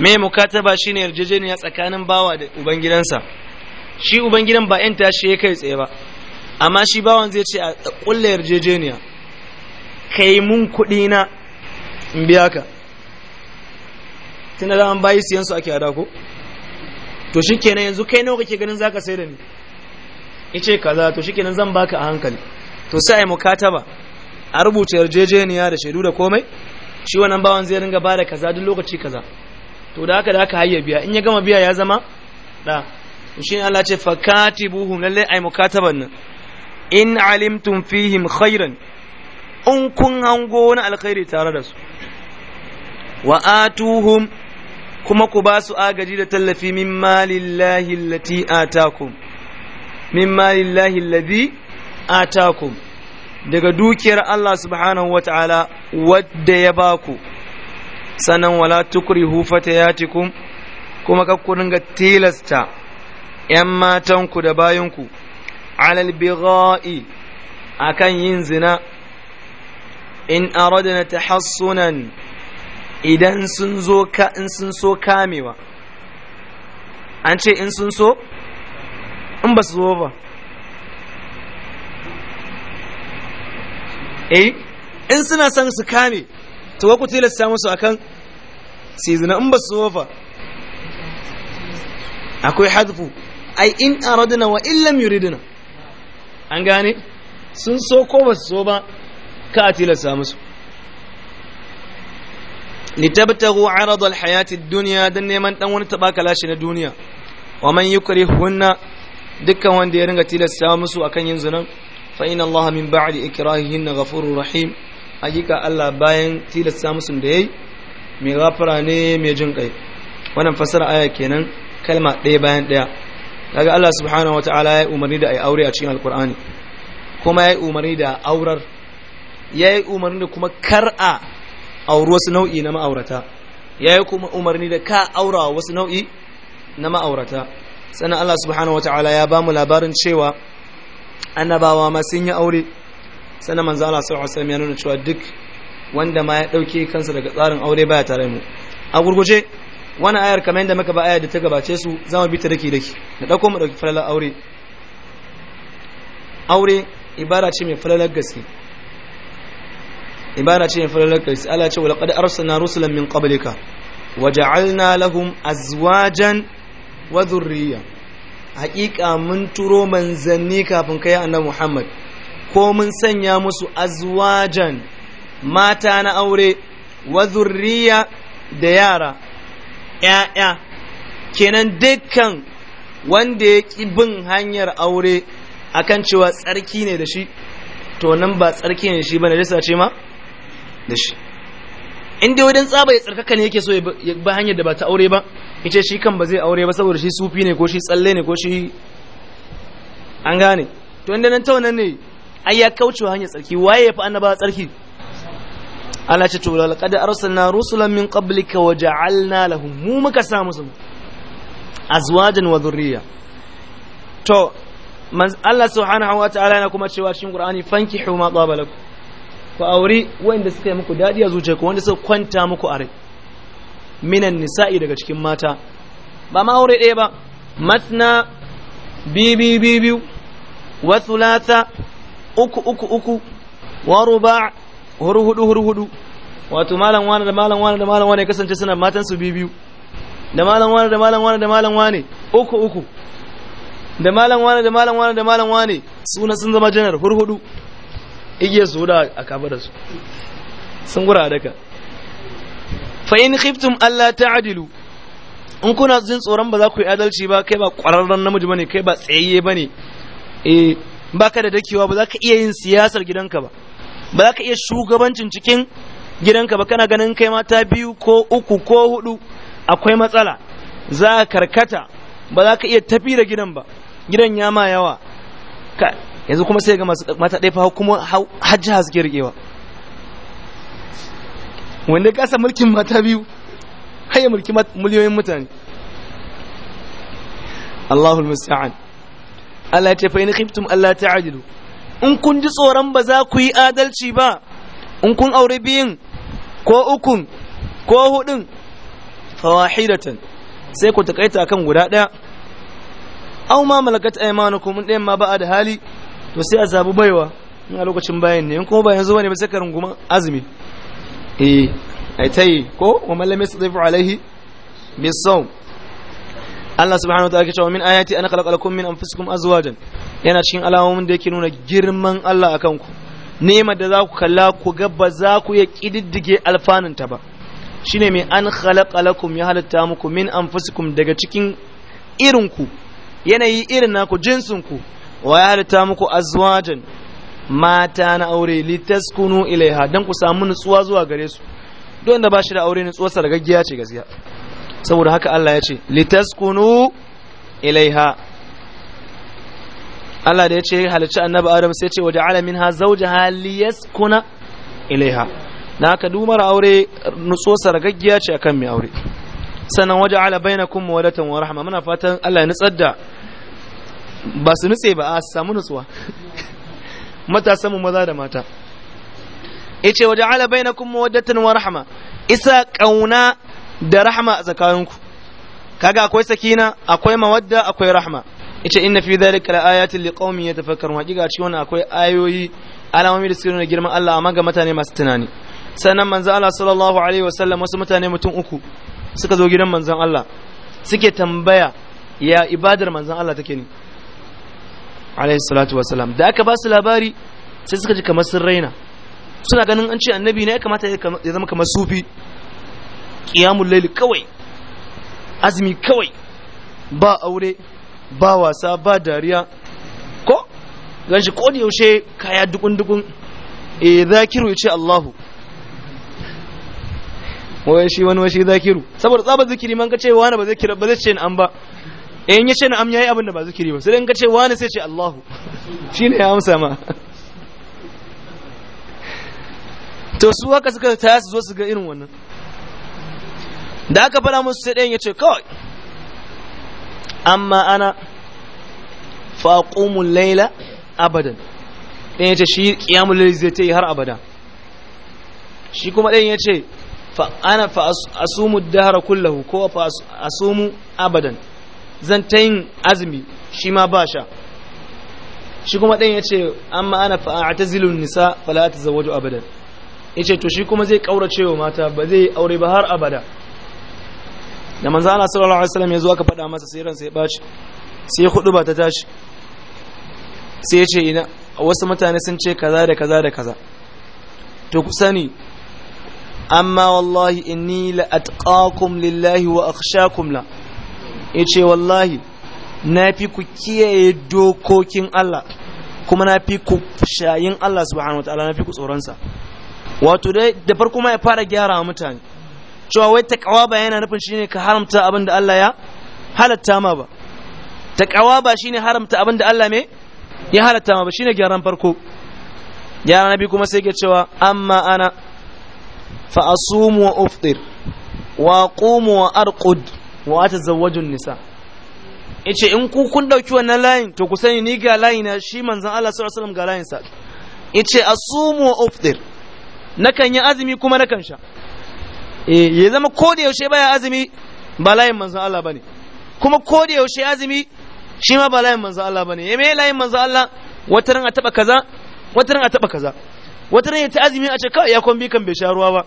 me mukataba shine yarjejeniya tsakanin bawa da ubangidansa shi ubangidan ba 'yan tashi ya kai tsaye ba amma shi bawan zai ce a kulle yarjejeniya kai mun kuɗi na in biya ka tunda da an bayi siyan su ake hada ko to kenan yanzu kai nawa kake ganin zaka sai da ni yace kaza to shi kenan zan baka a hankali to sai ai ba a rubuta yarjejeniya da shaidu da komai shi wannan bawan zai ringa bada kaza duk lokaci kaza to da haka da haka hayya biya in ya gama biya ya zama da shi Allah ce buhum lalle ai mukataban nan in alimtum fihim khairan in kun hango wani alkhairi tare da su wa atuhum kuma ku ba su agaji da tallafi min malillahi allati atakum min malillahi allazi atakum daga dukiyar Allah subhanahu wataala wadda ya baku sanan wala tukrihu fatayatikum kuma kakku tilasta ‘yan matanku da bayanku, alal bigha'i a kan yin zina, in aradna tahassunan idan sun zo ka in sun so kamewa, an ce in sun so, in ba su zo ba. Eh, in suna son su kame, to wa ku tilasta musu akan sai zina in ba su zo ba. akwai hadfu ai in aradna wa illam yuridna an gane sun so ko ba su so ba ka a tilasta musu litabtagu arad alhayati ad-dunya dan neman dan wani taba shi na duniya wa man yukrihunna dukkan wanda ya ringa tilasta musu akan yin zina. fa inna allaha min ba'di ikrahihinna ghafurur rahim hakika Allah bayan tilasta musu da yayi mai gafara ne mai jin kai wannan fasara aya kenan kalma ɗaya bayan ɗaya kaga Allah subhanahu wataala ya umarni da ai aure a cikin alkur'ani kuma ya umarni da aurar ya yi umarni da kuma kar a auri wasu nau'i na ma'aurata ya yi kuma umarni da ka aura wasu nau'i na ma'aurata sannan Allah subhanahu wataala ya bamu labarin cewa annabawa ma sun yi aure sannan manzo Allah sallallahu alaihi wasallam ya nuna cewa duk wanda ma ya dauke kansa daga tsarin aure baya tare mu a gurguje wani ayar kamar yadda muka ba ayar da ta gabace su za mu bi daki daki da ɗauko mu ɗauki falalar aure aure ibara ce mai falalar gaske ibara ce mai falalar gaske ala ce wala qad na rusulan min qablika wa ja'alna lahum azwajan wa dhurriyya haƙiƙa mun turo manzanni kafin kai annabi Muhammad ko mun sanya musu azwajan mata na aure wa dhurriyya da yara 'ya'ya kenan dukkan wanda ya ƙi bin hanyar aure akan cewa tsarki ne da shi to nan ba tsarki ne shi ba na jisa ce ma da shi in dai wajen tsaba ya tsarkaka ne yake so ya bi hanyar da ba ta aure ba ce shi kan ba zai aure ba saboda shi sufi ne ko shi tsalle ne ko shi an gane to inda nan ta ne ai ya kauce hanyar tsarki waye ya fi annaba tsarki Allah ce to laqad arsalna rusulan min qablika wa ja'alna lahum mu muka sa musu azwajan wa dhurriya to Allah subhanahu wa ta'ala yana kuma cewa cikin Qur'ani fankihu ma taba ku wanda suka yi muku dadi a zuciyarku wanda suka kwanta muku a rai minan nisa'i daga cikin mata ba ma aure ɗaya ba matna bibi biyu wa thulatha uku uku uku wa ruba' huru hurhudu wato malam wani da malam wani da malam wani kasance suna matan su biyu da malam wani da malam wani da malam wani uku uku da malam wani da malam wani da malam wani suna sun zama janar hurhudu igiyar su da a kabarar su sun gura daka fa in khiftum alla ta'dilu in kuna jin tsoron ba za ku yi adalci ba kai ba kwararren namiji bane kai ba tsayayye bane eh baka da dakewa ba za ka iya yin siyasar gidanka ba ba za ka iya shugabancin cikin gidanka ba kana ganin kai mata biyu ko uku ko hudu akwai matsala za ka karkata ba za ka iya tafi da gidan ba gidan ya ma yawa yanzu kuma sai ga masu mata ɗaya fa kuma hajji ke riƙewa wanda kasa mulkin mata biyu haya mulki miliyoyin mutane Allahul musta'an Allah ya ce fa in khiftum alla ta'dilu in kun ji tsoron ba za ku yi adalci ba in kun aure biyun ko ukun ko hudun fawahidatan sai ku takaita kan guda ɗaya au ma malakat aymanukum mun ɗayan ma ba da hali to sai a zabi baiwa in a lokacin bayan ne in kuma bayan zuwa ne ba sai ka runguma azumi eh ai tayi ko wa man lam yastadifu alaihi bisau Allah subhanahu wa ta'ala ke cewa min ayati ana khalaqalakum min anfusikum azwajan yana cikin alamomin da yake nuna girman Allah a kanku nema da za ku kalla ku ga ba za ku iya ƙididdige alfanunta ba shine mai an khalaqa lakum ya halatta muku min anfusikum daga cikin irinku yanayi irin naku jinsinku wa ya halatta muku azwajan mata na aure litaskunu ilaiha dan ku samu nutsuwa zuwa gare su don da ba shi da aure nutsuwarsa da gaggiya ce gaskiya saboda haka Allah ya ce litaskunu ilaiha Allah da ya ce halicci annabi Adam sai ce wa ja'ala ha zawjaha liyaskuna kuna ilaiha na haka dumar aure nutsosa ragaggiya ce akan mai aure sannan waje ala baina kun mawadatan wa rahama muna fatan Allah ya nutsar da ba su nutse ba a samu nutsuwa Matasan mu maza da mata yace waje ala baina kun mawadatan wa rahama isa kauna da rahama a tsakaninku kaga akwai sakina akwai mawadda akwai rahama ita inna fi dhalika laayatin liqaumin yatafakkarun hakika cikin wannan akwai ayoyi alamomi da suke nuna girman Allah amma ga mutane masu tunani sannan manzon Allah sallallahu alaihi wasallam wasu mutane mutum uku suka zo gidan manzon Allah suke tambaya ya ibadar manzon Allah take ne alaihi salatu wasalam da aka ba su labari sai suka ji kamar sun raina suna ganin an ce annabi ne ya kamata ya zama kamar sufi qiyamul layl kawai azumi kawai ba aure ba wasa ba dariya ko ganshi ko ne yaushe kaya dukun dukun e eh, zakiru yace Allahu wai shi wani washi zakiru saboda tsaba zikiri man ka ce wani ba zikira ba zai ce an ba eh, in ya ce na am yayi abin da ba zikiri ba sai in ka ce wani sai ce Allahu shine ya amsa ma to su haka suka taya su zo su ga irin wannan da aka fara musu sai ɗayan ya ce kawai amma ana faƙumun laila abadan ɗan ya ce shi ƙiyamun laila zai ta yi har abada shi kuma ɗan ya ce ana fa asumu dahara kullahu ko fa asumu abadan zan ta yin azumi shi ma ba sha shi kuma ɗan ya ce amma ana fa'a ta nisa falata ta zawaju abadan ya ce to shi kuma zai ƙaura cewa mata ba zai aure ba har abada da manzo Allah sallallahu alaihi wasallam ya zo aka fada masa sai ya baci sai hudu ba ta tashi sai ya ce ina wasu mutane sun ce kaza da kaza da kaza to ku sani amma wallahi inni la atqakum lillahi wa akhshakum la yace wallahi na fi ku kiyaye dokokin Allah kuma na fi ku shayin Allah subhanahu wataala na fi ku tsoronsa wato dai da farko ma ya fara gyara mutane cewa wai taqwa ba yana nufin shine ka haramta abin da Allah ya halatta ma ba taqwa ba shine haramta abin da Allah me ya halatta ma ba shine gyaran farko ya nabi kuma sai ke cewa amma ana fa asumu wa uftir wa aqumu wa arqud wa atazawwaju nisa yace in ku kun dauki wannan layin to ku sani ni ga na shi manzon Allah sallallahu alaihi wasallam ga layinsa yace asumu wa uftir nakan yi azumi kuma nakan sha Eh, ya zama ko da yaushe baya azumi ba layin manzon Allah bane kuma ko da yaushe azumi shi ma ba layin manzon Allah bane eh, ya me layin manzon Allah wata ran a taba kaza wata ran a taba kaza wata ran ya ta azumi a ce kawai ya kwambi kan bai sha ruwa ba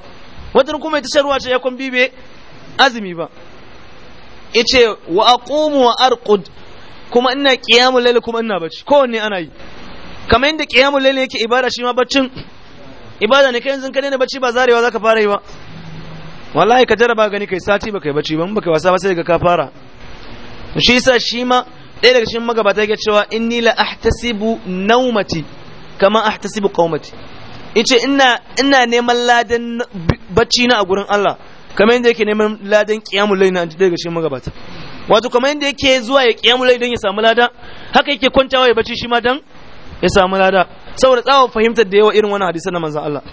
wata ran kuma ya ta sha ruwa ce ya kwambi bai azumi ba yace wa aqumu wa arqud kuma ina qiyamul layl kuma ina bacci kowanne ana yi kamar yadda qiyamul layl yake ibada shi ma baccin ibada ne kai yanzu ka daina bacci ba zarewa zaka fara yi ba wallahi ka jaraba gani kai sati baka yi bacci ba mun baka wasa ba sai ka fara shi yasa shi ma ɗaya daga cikin magabata yake cewa inni la ahtasibu naumati kama ahtasibu qaumati yace ina ina neman ladan bacci na a gurin Allah kamar yadda yake neman ladan qiyamul layl na daga cikin magabata wato kamar yadda yake zuwa ya qiyamul layl don ya samu lada haka yake kwantawa ya bacci shi ma dan ya samu lada saboda tsawon fahimtar da yawa irin wannan hadisi na manzon Allah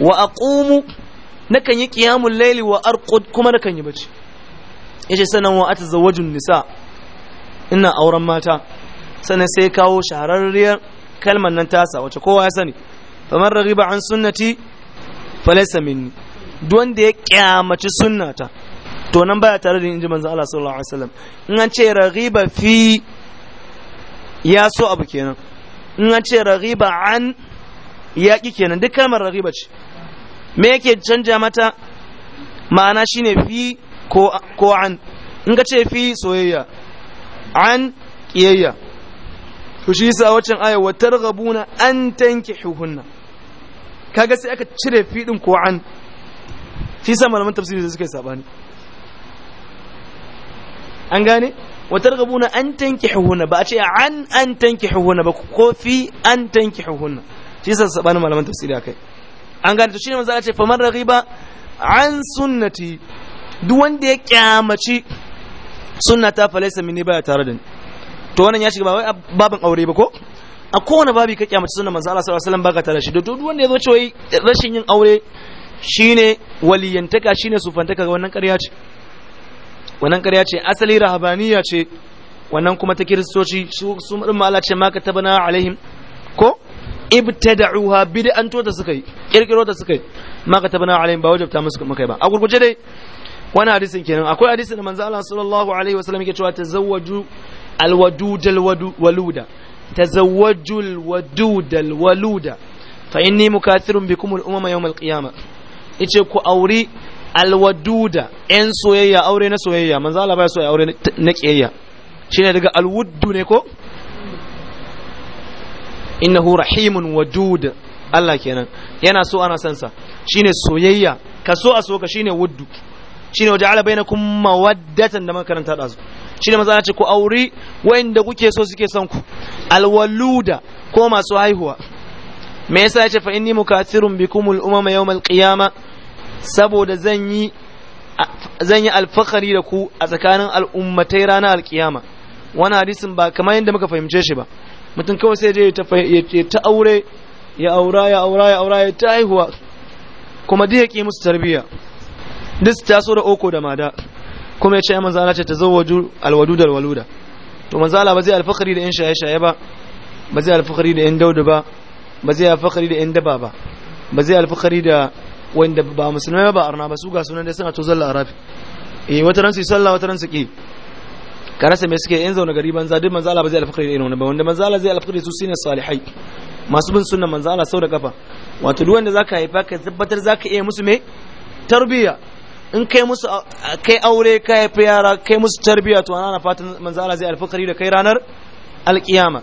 wa aqumu nakan yi qiyamul layli wa arqud kuma nakan yi bacci yace sanan wa atazawajun nisa ina auren mata sanan sai kawo shahararriyar kalmar nan tasa wacce kowa ya sani faman ragiba an sunnati falaysa minni duk wanda ya kyamaci sunnata to nan baya tare da inji manzo Allah sallallahu alaihi wasallam in an ce ragiba fi ya so abu kenan in an ce ragiba an ya ki kenan duk kalmar ragiba ce me yake canja mata ma'ana shine fi ko an in ka ce fi soyayya an kiyayya to shi yasa wacin aya wa targhabuna an tankihuhunna kaga sai aka cire fi din ko an shi yasa malaman tafsiri da suka yi sabani an gane wa targhabuna an tankihuhunna ba a ce an an tankihuhunna ba ko fi an tankihuhunna shi yasa sabani malaman tafsiri akai an gane to shine manzo Allah ce man raghiba an sunnati duk wanda ya kyamaci sunnata fa laysa minni baya tare da ni to wannan ya shiga ba wai babin aure ba ko a kowane babi ka kyamaci sunnar manzo Allah sallallahu alaihi wasallam baka tare shi to duk wanda ya zo cewa rashin yin aure shine waliyantaka shine sufantaka wannan ƙarya ce wannan ƙarya ce asali rahabaniya ce wannan kuma ta kiristoci su su malace ce ma alaihim ibtada'uha bid'anto ta suka yi kirkiro ta suka yi ma ka tabana alaihim ba wajabta musu muka ba a gurguje dai wani hadisin kenan akwai hadisin da manzo Allah sallallahu alaihi wasallam yake cewa tazawwaju alwadud waluda tazawwaju alwadud alwaluda fa inni mukathirun bikum al-umama yawm al-qiyamah yace ku auri alwaduda en soyayya aure na soyayya manzo Allah baya soyayya aure na kiyayya shine daga alwuddu ne ko innahu rahimun wadud Allah kenan yana so ana sansa. sa shine soyayya ka so a so ka shine wuddu shine waje ala bainakum mawaddatan da makaranta da su shine maza ce ku auri wayanda kuke so suke son ku alwaluda ko masu haihuwa me yasa yace fa inni mukathirun bikumul umama yawmal qiyama saboda zan yi zan yi alfakari da ku a tsakanin al'ummatai ranar alkiyama wani hadisin ba kamar yadda muka fahimce shi ba mutum kawai sai dai ya ta aure ya aura ya aura ya aura ya ta haihuwa kuma duk ya ki musu tarbiyya duk su taso da oko da mada kuma ya ce ya Allah ce ta alwadu da alwaluda to manzala ba zai alfakari da yan shaye-shaye ba ba zai alfakari da yan daudu ba ba zai alfakari da yan daba ba ba zai alfakari da wanda ba musulmai ba arna ba su ga sunan da suna to zalla arafi eh wata ran su sallah wata ran su ki ka sai me suke yan zaune gari banza duk manzala ba zai alfakari da irin wani ba wanda manzala zai alfakari su shine salihai masu bin sunnan manzala sau da kafa wato duk wanda zaka haifa ka tabbatar zaka iya musu me tarbiya in kai musu kai aure ka haifi yara kai musu tarbiya to ana fatan manzala zai alfakari da kai ranar alkiyama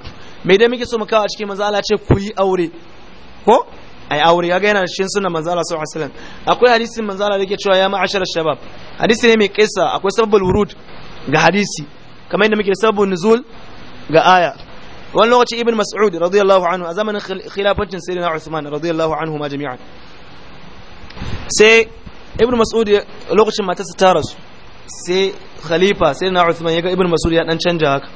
me dai muke so mu kawo a cikin manzala ce ku yi aure ko ai aure ya ga yana cikin sunan manzala sau sallallahu alaihi wasallam akwai hadisin manzala da yake cewa ya ma'ashara shabab hadisi ne mai kaisa akwai sababul wurud ga hadisi kamar yadda muke da sabon nuzul ga aya wani lokaci ibn mas'ud radiyallahu anhu a zamanin khilafatin sayyidina usman radiyallahu anhu ma jami'an sai ibn mas'ud lokacin matarsa ta rasu sai khalifa sayyidina usman yaga ibn mas'ud ya dan canja haka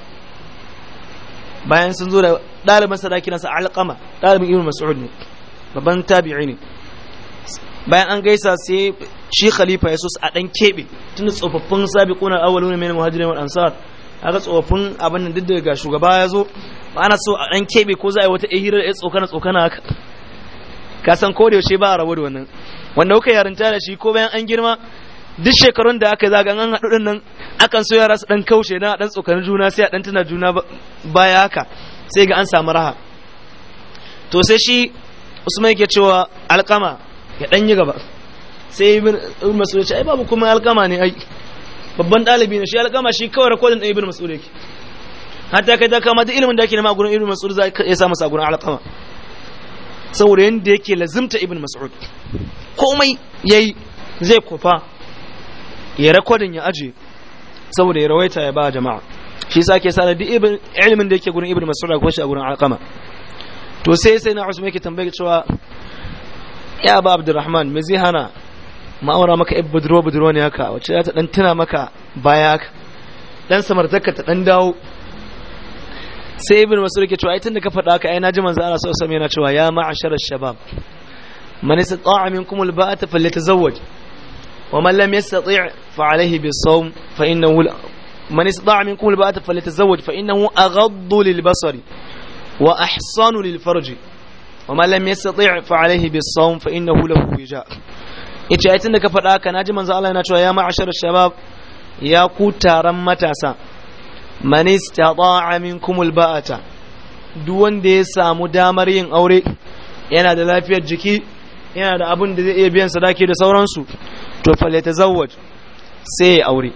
bayan sun zo da ɗaliban sa alqama ɗalibin ibn mas'ud ne babban tabi'i ne bayan an gaisa sai shi khalifa ya so a dan kebe tun tsofaffin sabiquna awwaluna min muhajirin wal ansar aka tsofin abin da duk ga shugaba ya zo ba ana so a ɗan kebe ko za a yi wata hirar ya tsokana tsokana haka ka san ko da yaushe ba a rabu da wannan wanda kuka yarinta da shi ko bayan an girma duk shekarun da aka zaga an haɗu ɗin nan akan so yara su ɗan kaushe na ɗan tsokanin juna sai a ɗan tana juna baya haka sai ga an samu raha to sai shi usman yake cewa alkama ya ɗan yi gaba sai ibn masu ya ce ai babu kuma alkama ne ai babban ɗalibi ne shi alƙama shi kawai rakodin ɗan ibn mas'ud yake hatta kai da kama duk ilimin da yake nema a gurin ibn mas'ud za ka iya samu a gurin alƙama saboda yanda yake lazimta ibn mas'ud komai yayi zai kofa ya rakodin ya aje saboda ya rawaita ya ba jama'a shi yasa ke sanar duk ilimin da yake gurin ibn mas'ud ko shi a gurin alƙama to sai sai na usman yake tambaye cewa ya ba abdurrahman me zai hana ma'aura maka yan budurwa budurwa ne haka wacce za ta dan tuna maka baya haka dan samartaka ta dan dawo sai ibn masud yake cewa ai tunda ka faɗa haka ai naji manzo Allah sallallahu alaihi yana cewa ya ma'ashar shabab man istata'a minkum alba'ata falyatazawwaj wa man lam yastati' fa alayhi bis-sawm fa innahu man istata'a minkum alba'ata falyatazawwaj fa innahu aghaddu lil-basari wa ahsanu lil-farji wa man lam yastati' fa alayhi bis-sawm fa innahu lahu wija' yace ayatin da ka faɗa ka naji manzo Allah yana cewa ya ma'ashar shabab ya ku taron matasa man istata'a minkum alba'ata duk wanda ya samu damar yin aure yana da lafiyar jiki yana da abin da zai iya biyan sadaki da sauransu to falyatazawwaj sai ya aure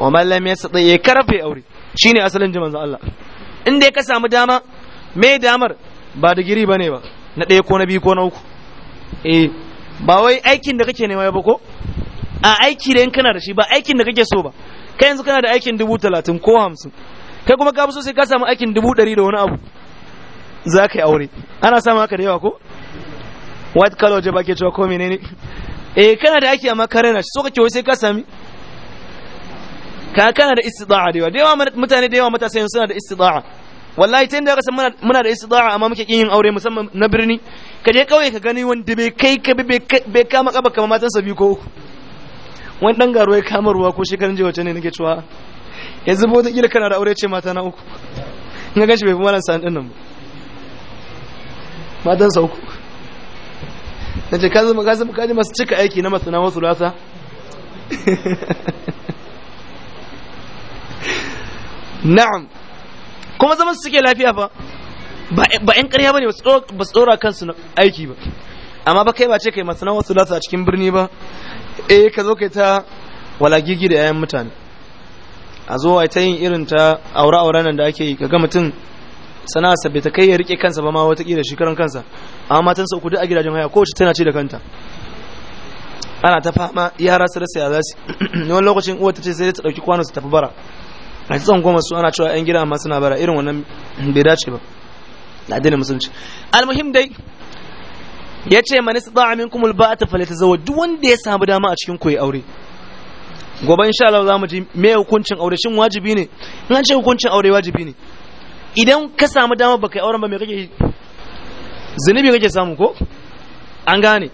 wa man lam yastati ya karfe aure shine asalin jimanzo Allah inda ya ka samu dama me damar ba digiri bane ba na ɗaya ko na biyu ko na uku eh ba wai aikin da kake nema ba ko a aiki da kana da shi ba aikin da kake so ba kai yanzu kana da aikin dubu talatin ko hamsin kai kuma ka so sai ka samu aikin dubu ɗari da wani abu za ka yi aure ana samun haka da yawa ko white collar job ke cewa ko menene eh kana da aiki amma kare na shi so kake wai sai ka sami ka kana da istida'a da yawa da yawa mutane da yawa matasa yanzu suna da istida'a wallahi ta inda ka san muna da istida'a amma muke kin yin aure musamman na birni ka je kawai ka gani wanda bai kai ka bai kama kaba kama matan sabi ko uku wani dan garo ya kama ruwa ko shekarun jiya wace ne nake cewa ya zubo da kila kana da aure ce mata na uku in ga shi bai fi malam sa'an dinnan ba matan sa uku na ce ka zama gasu kaji masu cika aiki na masana wasu lasa na'am kuma zama su suke lafiya fa ba yan ƙarya bane ba su ɗora kansu na aiki ba amma ba kai ba ce kai nan wasu lasa a cikin birni ba eh ka zo kai ta walagigi da yayan mutane a zo a ta yin irin ta aure aure nan da ake yi kaga mutum sana'a sabbe ta kai ya rike kansa ba ma wata kila shekaran kansa amma sa uku duk a gidajen haya kowace tana ce da kanta ana ta fama yara su rasa ya za su wani lokacin uwa ta ce sai ta dauki kwano su tafi bara a tsan goma su ana cewa yan gida amma suna bara irin wannan bai dace ba addinin musulunci almuhim dai ya ce kumul ba ta alba'ata falyatazawwaj duk wanda ya samu dama a cikin koyi aure gobe insha Allah za mu ji me hukuncin aure shin wajibi ne in an ce hukuncin aure wajibi ne idan ka samu dama baka yi auren ba me kake zunubi kake samu ko an gane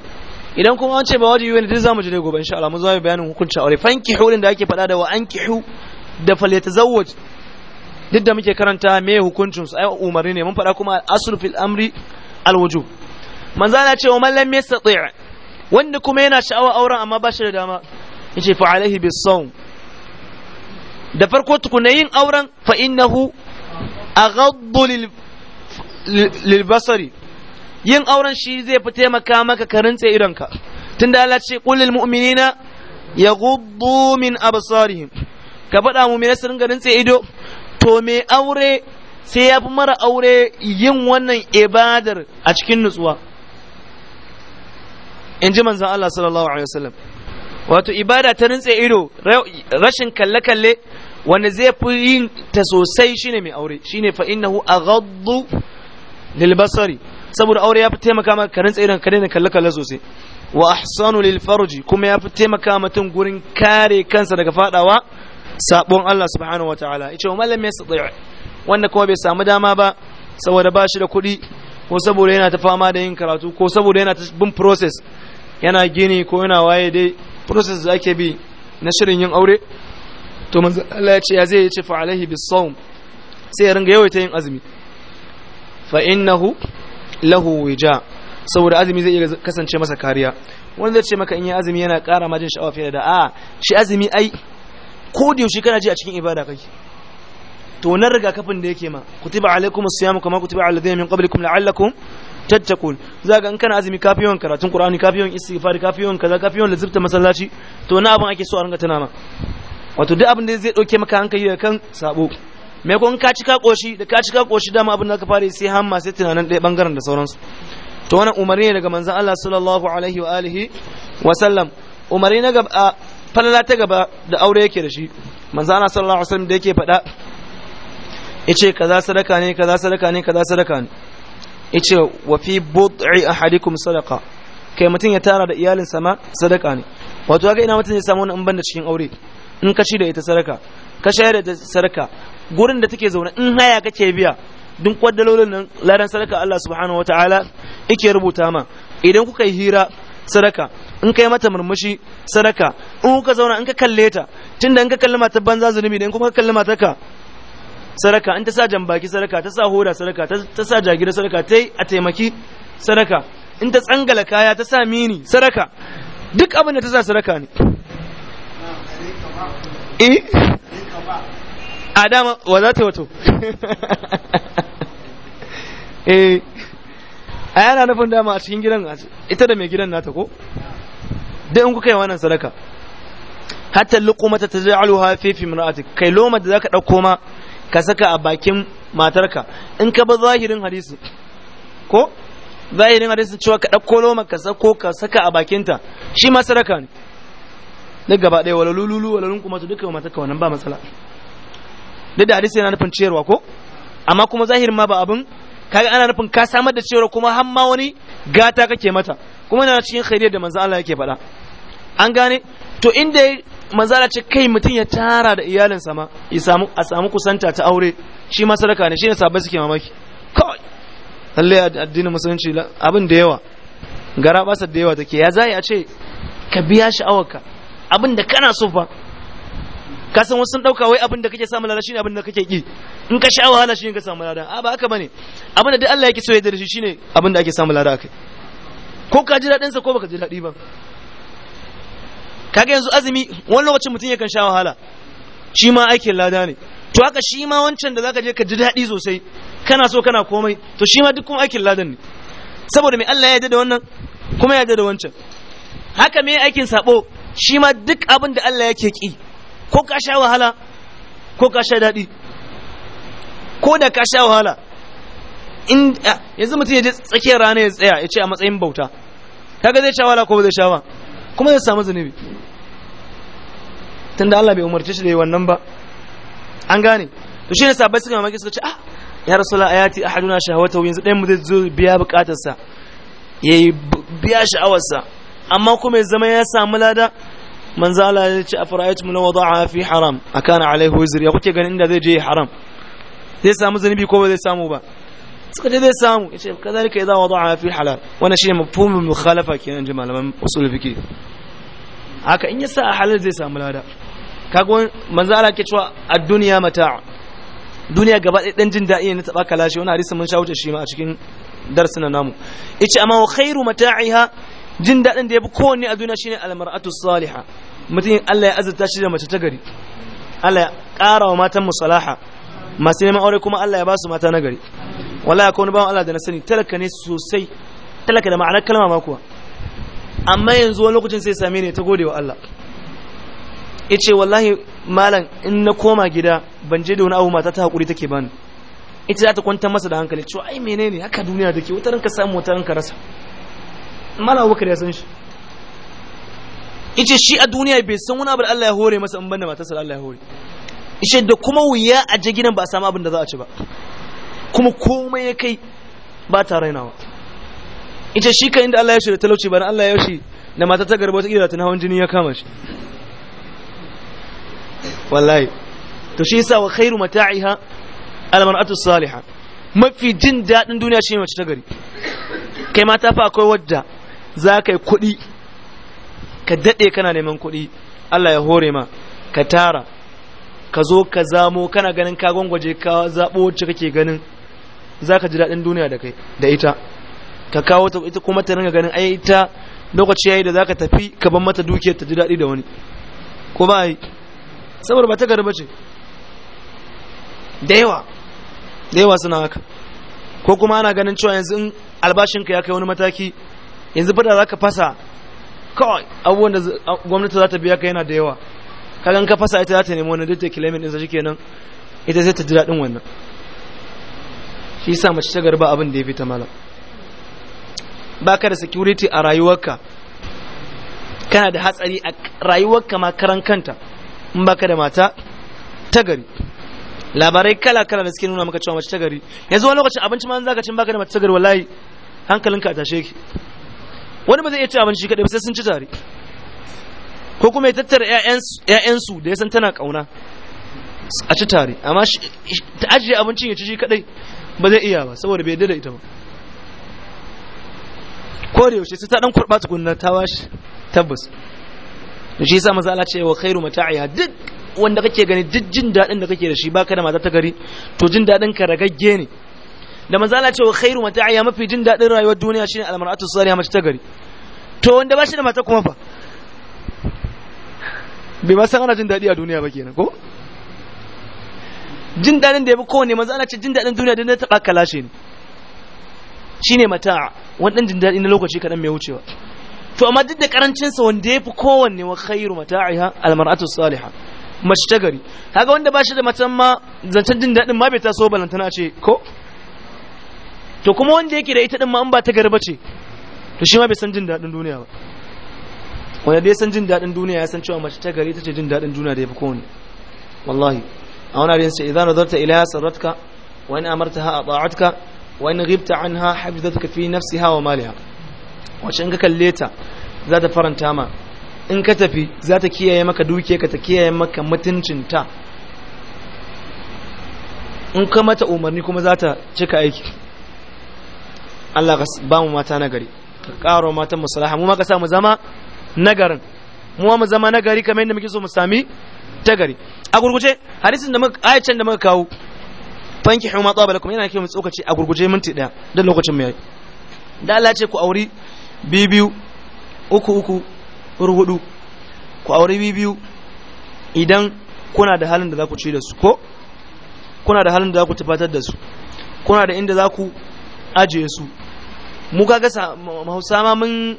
idan kuma an ce ba wajibi ne duk zamu ji dai gobe insha Allah mu zo bayanin hukuncin aure fanki hulin da ake faɗa da wa ankihu da falyatazawwaj duk da muke karanta me hukuncin su ai umarni ne mun faɗa kuma asul fil amri al wujub manzo Allah ce wa man lam yastati' wanda kuma yana sha'awar auren amma ba shi da dama yace fa alaihi bis sawm da farko tukuna yin auren fa innahu aghaddu lil basari yin auren shi zai fi taimaka maka ka rintse idonka tunda Allah ce qul lil mu'minina yaghuddu min absarihim ka faɗa mu me su ringa rintse ido to me aure sai ya fi mara aure yin wannan ibadar a cikin nutsuwa in ji manzan Allah sallallahu alaihi wasallam wato ibada ta rintse ido rashin kalle-kalle wanda zai fi yin ta sosai shine mai aure shine fa innahu aghaddu lil basari saboda aure ya fi taimaka maka ka rintse idon ka daina kalle-kalle sosai wa ahsanu lil farji kuma ya fi taimaka mutum gurin kare kansa daga fadawa sabon Allah subhanahu wataala ce wa su yastati wanda kuma bai samu dama ba saboda ba shi da kuɗi ko saboda yana ta fama da yin karatu ko saboda yana ta bin process yana gini ko yana waye dai process da ake bi na shirin yin aure to manzo Allah ya ce ya zai ce fa alaihi sai ya ringa yawaita yin azumi fa innahu lahu wija saboda azumi zai iya kasance masa kariya wanda zai ce maka in yi azumi yana kara majin sha'awa fiye da a shi azumi ai ko da yaushe kana ji a cikin ibada kai to wannan rigakafin da yake ma kutiba alaikum as-siyam kama kutiba alal ladina min qablikum la'allakum tattaqun zaka in kana azumi kafiyon karatun qur'ani kafiyon istighfar kafiyon kaza kafiyon la lazibta masallaci to na abin ake so a ranga tana ma wato duk abin da zai dauke maka hankali da kan sabo me ko in ka cika koshi da ka cika koshi dama abin da ka fara sai hamma sai tunanin ɗaya bangaren da sauransu to wannan umarni ne daga manzon Allah sallallahu alaihi wa alihi wa sallam umarni na gaba falala ta gaba da aure yake da shi manzo Allah sallallahu alaihi wasallam da yake faɗa yace kaza sadaka ne kaza sadaka ne kaza sadaka ne yace wa fi bud'i ahadikum sadaqa kai mutun ya tara da iyalin sama sadaka ne wato ga ina mutun ya samu wannan banda cikin aure in ka ci da ita sadaka ka shayar da sadaka gurin da take zaune in haya kake biya duk kwaddalolin nan ladan sadaka Allah subhanahu wataala yake rubuta ma idan kuka yi hira sadaka in kai mata murmushi sadaka in ka zauna in ka kalle ta tunda in ka kalli matar banza zunubi ne in kuma ka kalli matar ka sadaka in ta sa jambaki sadaka ta sa hoda sadaka ta sa jagira sadaka ta a taimaki sadaka in ta tsangala kaya ta sa mini sadaka duk abin da ta sa sadaka ne eh a dama wa za ta wato eh a yana nufin dama a cikin gidan ita da mai gidan nata ko dai in kuka yi wannan sadaka hatta luqumata taj'aluha fi fi imra'atik kai loma da zaka dauko ma ka saka a bakin matarka in ka ba zahirin hadisi ko zahirin hadisi cewa ka dauko loma ka sako ka saka a bakinta shi ma sadaka ne duk gaba ɗaya wala lululu wala lunku mata duka matarka wannan ba matsala duk da hadisi yana nufin ciyarwa ko amma kuma zahirin ma ba abin kaga ana nufin ka samar da ciyarwa kuma har ma wani gata kake mata kuma yana cikin khairiyar da manzo Allah yake faɗa an gane to inda mazala ce kai mutum ya tara da iyalinsa ma a samu kusanta ta aure shi ma sadaka ne shi ne sabai suke mamaki kawai lallai addinin musulunci abin da yawa gara basar da yawa take ya zai a ce ka biya sha'awarka abin da kana so fa ka san wasu sun dauka wai abin da kake samu lada shine abin da kake ki in ka sha wahala shine ka samu lada a ba haka bane abin da duk Allah yake so ya da shi shine abin da ake samu lada akai ko ka ji dadin sa ko baka ji dadi ba kaga yanzu azumi wani lokacin mutum yakan sha wahala shi ma aikin lada ne to haka shi ma wancan da zaka je ka ji daɗi sosai kana so kana komai to shi ma duk kuma aikin lada ne saboda mai Allah ya yarda da wannan kuma ya yarda da wancan haka me aikin sabo shi ma duk abin da Allah yake ki ko ka sha wahala ko ka sha daɗi ko da ka sha wahala in yanzu mutum ya je tsakiyar rana ya tsaya ya ce a matsayin bauta kaga zai sha wahala ko ba zai sha ba kuma zai samu zunubi da Allah bai umarce shi da yi wannan ba an gane to shi ne sabai suka mamaki suka ce ah ya rasulullah ayati ahaduna shahawata yanzu ɗayan mu zai zo biya bukatarsa yayi biya sha'awarsa amma kuma ya zama ya samu lada manzo Allah ya ce afara'aytum law wada'a fi haram akana alaihi wizr ya kuke ganin inda zai je haram zai samu zunubi ko ba zai samu ba suka ce zai samu ya ce kazalika idza wada'a fi halal wannan shine mafhumul mukhalafa kenan ji malaman usul fiqh haka in ya sa halal zai samu lada kaga manzo Allah ke cewa ad-dunya mata'a duniya gaba ɗaya dan jin daɗi ne ta baka lashe wani hadisi mun shawuce shi ma a cikin darsin namu yace amma wa khairu mata'iha jin daɗin da yafi kowanne a duniya shine al-mar'atu salihah mutum Allah ya azurta shi da mace ta gari Allah ya matan musalaha masu neman aure kuma Allah ya ba su mata gari wallahi akwai wani bawan Allah da na sani talaka ne sosai talaka da ma'anar kalma ma kuwa amma yanzu wani lokacin sai same ne ta gode wa Allah ice wallahi malam in na koma gida ban je da wani abu mata ta hakuri take bani ita za ta kwantar masa da hankali cewa ai menene haka duniya take wata ranka samu wata ranka rasa Malam abubakar ya san shi ice shi a duniya bai san wani abu da Allah ya hore masa in banda matarsa da Allah ya hore ice da kuma wuya a je gidan ba a samu abin da za a ci ba kuma komai ya kai ba ta rainawa ita shi ka inda Allah ya shi da talauci ba Allah ya shi da mata ta garba ta ta hawan jini ya kama shi wallahi to shi yasa wa khairu mata'iha al-mar'atu salihah mafi jin dadin duniya shi mace ta gari kai mata fa akwai wadda za ka yi kuɗi ka daɗe kana neman kuɗi Allah ya hore ma ka tara ka zo ka zamo kana ganin ka gwangwaje ka zaɓo wacce kake ganin Za ka ji daɗin duniya da kai da ita ka kawo ta ita kuma ta ringa ganin ai ita lokaci yayi da zaka tafi ka ban mata dukiyar ta ji daɗi da wani ko ba yi saboda ba ta garba ce da yawa da yawa suna haka ko kuma ana ganin cewa yanzu in albashinka ya kai wani mataki yanzu fada za ka fasa kawai abubuwan da gwamnati za ta biya ka yana da yawa kagan ka fasa ita za ta nemi wani duk da kilimin ɗinsa shi kenan ita zai ta ji daɗin wannan shi sa mace ta garba abin da ya fita mala. ba ka da security a rayuwarka kana da hatsari a rayuwarka ma karan kanta in ba ka da mata ta gari labarai kala kala da suke nuna maka cewa mace ta gari yanzu wani lokacin abinci ma zaka cin ka da mace ta gari wallahi hankalinka a tashe ki wani ba zai iya ci abinci kadai ba sai sun ci tare ko kuma ya tattara ‘ya'yansu da ya san tana ƙauna a ci tare amma ta ajiye abincin ya ci shi kadai ba zai iya ba saboda bai da ita ba ko da yaushe sai ta dan kurba tukunna ta washi tabbas shi yasa maza Allah ce wa khairu mata'iha duk wanda kake gani duk jin dadin da kake da shi baka da mata ta gari to jin dadin ka ragagge ne da maza Allah ce wa khairu mata'iha mafi jin dadin rayuwar duniya shine almar'atu salihah mace ta gari to wanda ba shi da mata kuma fa bai ba san ana jin dadi a duniya ba kenan ko jin daɗin da ya fi kowane manzo ana ce jin daɗin duniya da na taɓa ka lashe ne mata'a wani jin daɗi na lokaci kaɗan mai wucewa to amma duk da ƙarancinsa wanda ya fi kowanne wa khairu ha almar'atu saliha mace ta gari kaga wanda ba shi da matan ma zancen jin daɗin ma bai taso balantana ce ko to kuma wanda yake da ita din ma an ba ta gari bace to shi ma bai san jin daɗin duniya ba wanda dai san jin daɗin duniya ya san cewa mace ta gari ita ce jin daɗin duniya da ya fi kowanne wallahi a wani abin hadisi idan nadarta ilaha sarratka wa in amartaha ata'atka wa in ghibta anha hafizatka fi nafsiha wa maliha wace in ka kalle ta za ta faranta ma in ka tafi za ta kiyaye maka duke ka ta kiyaye maka mutuncinta in ka mata umarni kuma za ta cika aiki Allah ka ba mu mata nagari ka ƙaro matan musalaha mu ma ka sa mu zama nagarin mu ma mu zama nagari kamar yadda muke so mu sami tagari a gurguje hadisin da muka ayatan da muka kawo fanki huma tsaba lakum yana kiyo mu tsokaci a gurguje minti daya da lokacin mai da Allah ce ku auri bibiyu uku uku hudu ku auri bibiyu idan kuna da halin da za ku ci da su ko kuna da halin da za ku tafatar da su kuna da inda za ku ajiye su mu kaga sa ma mun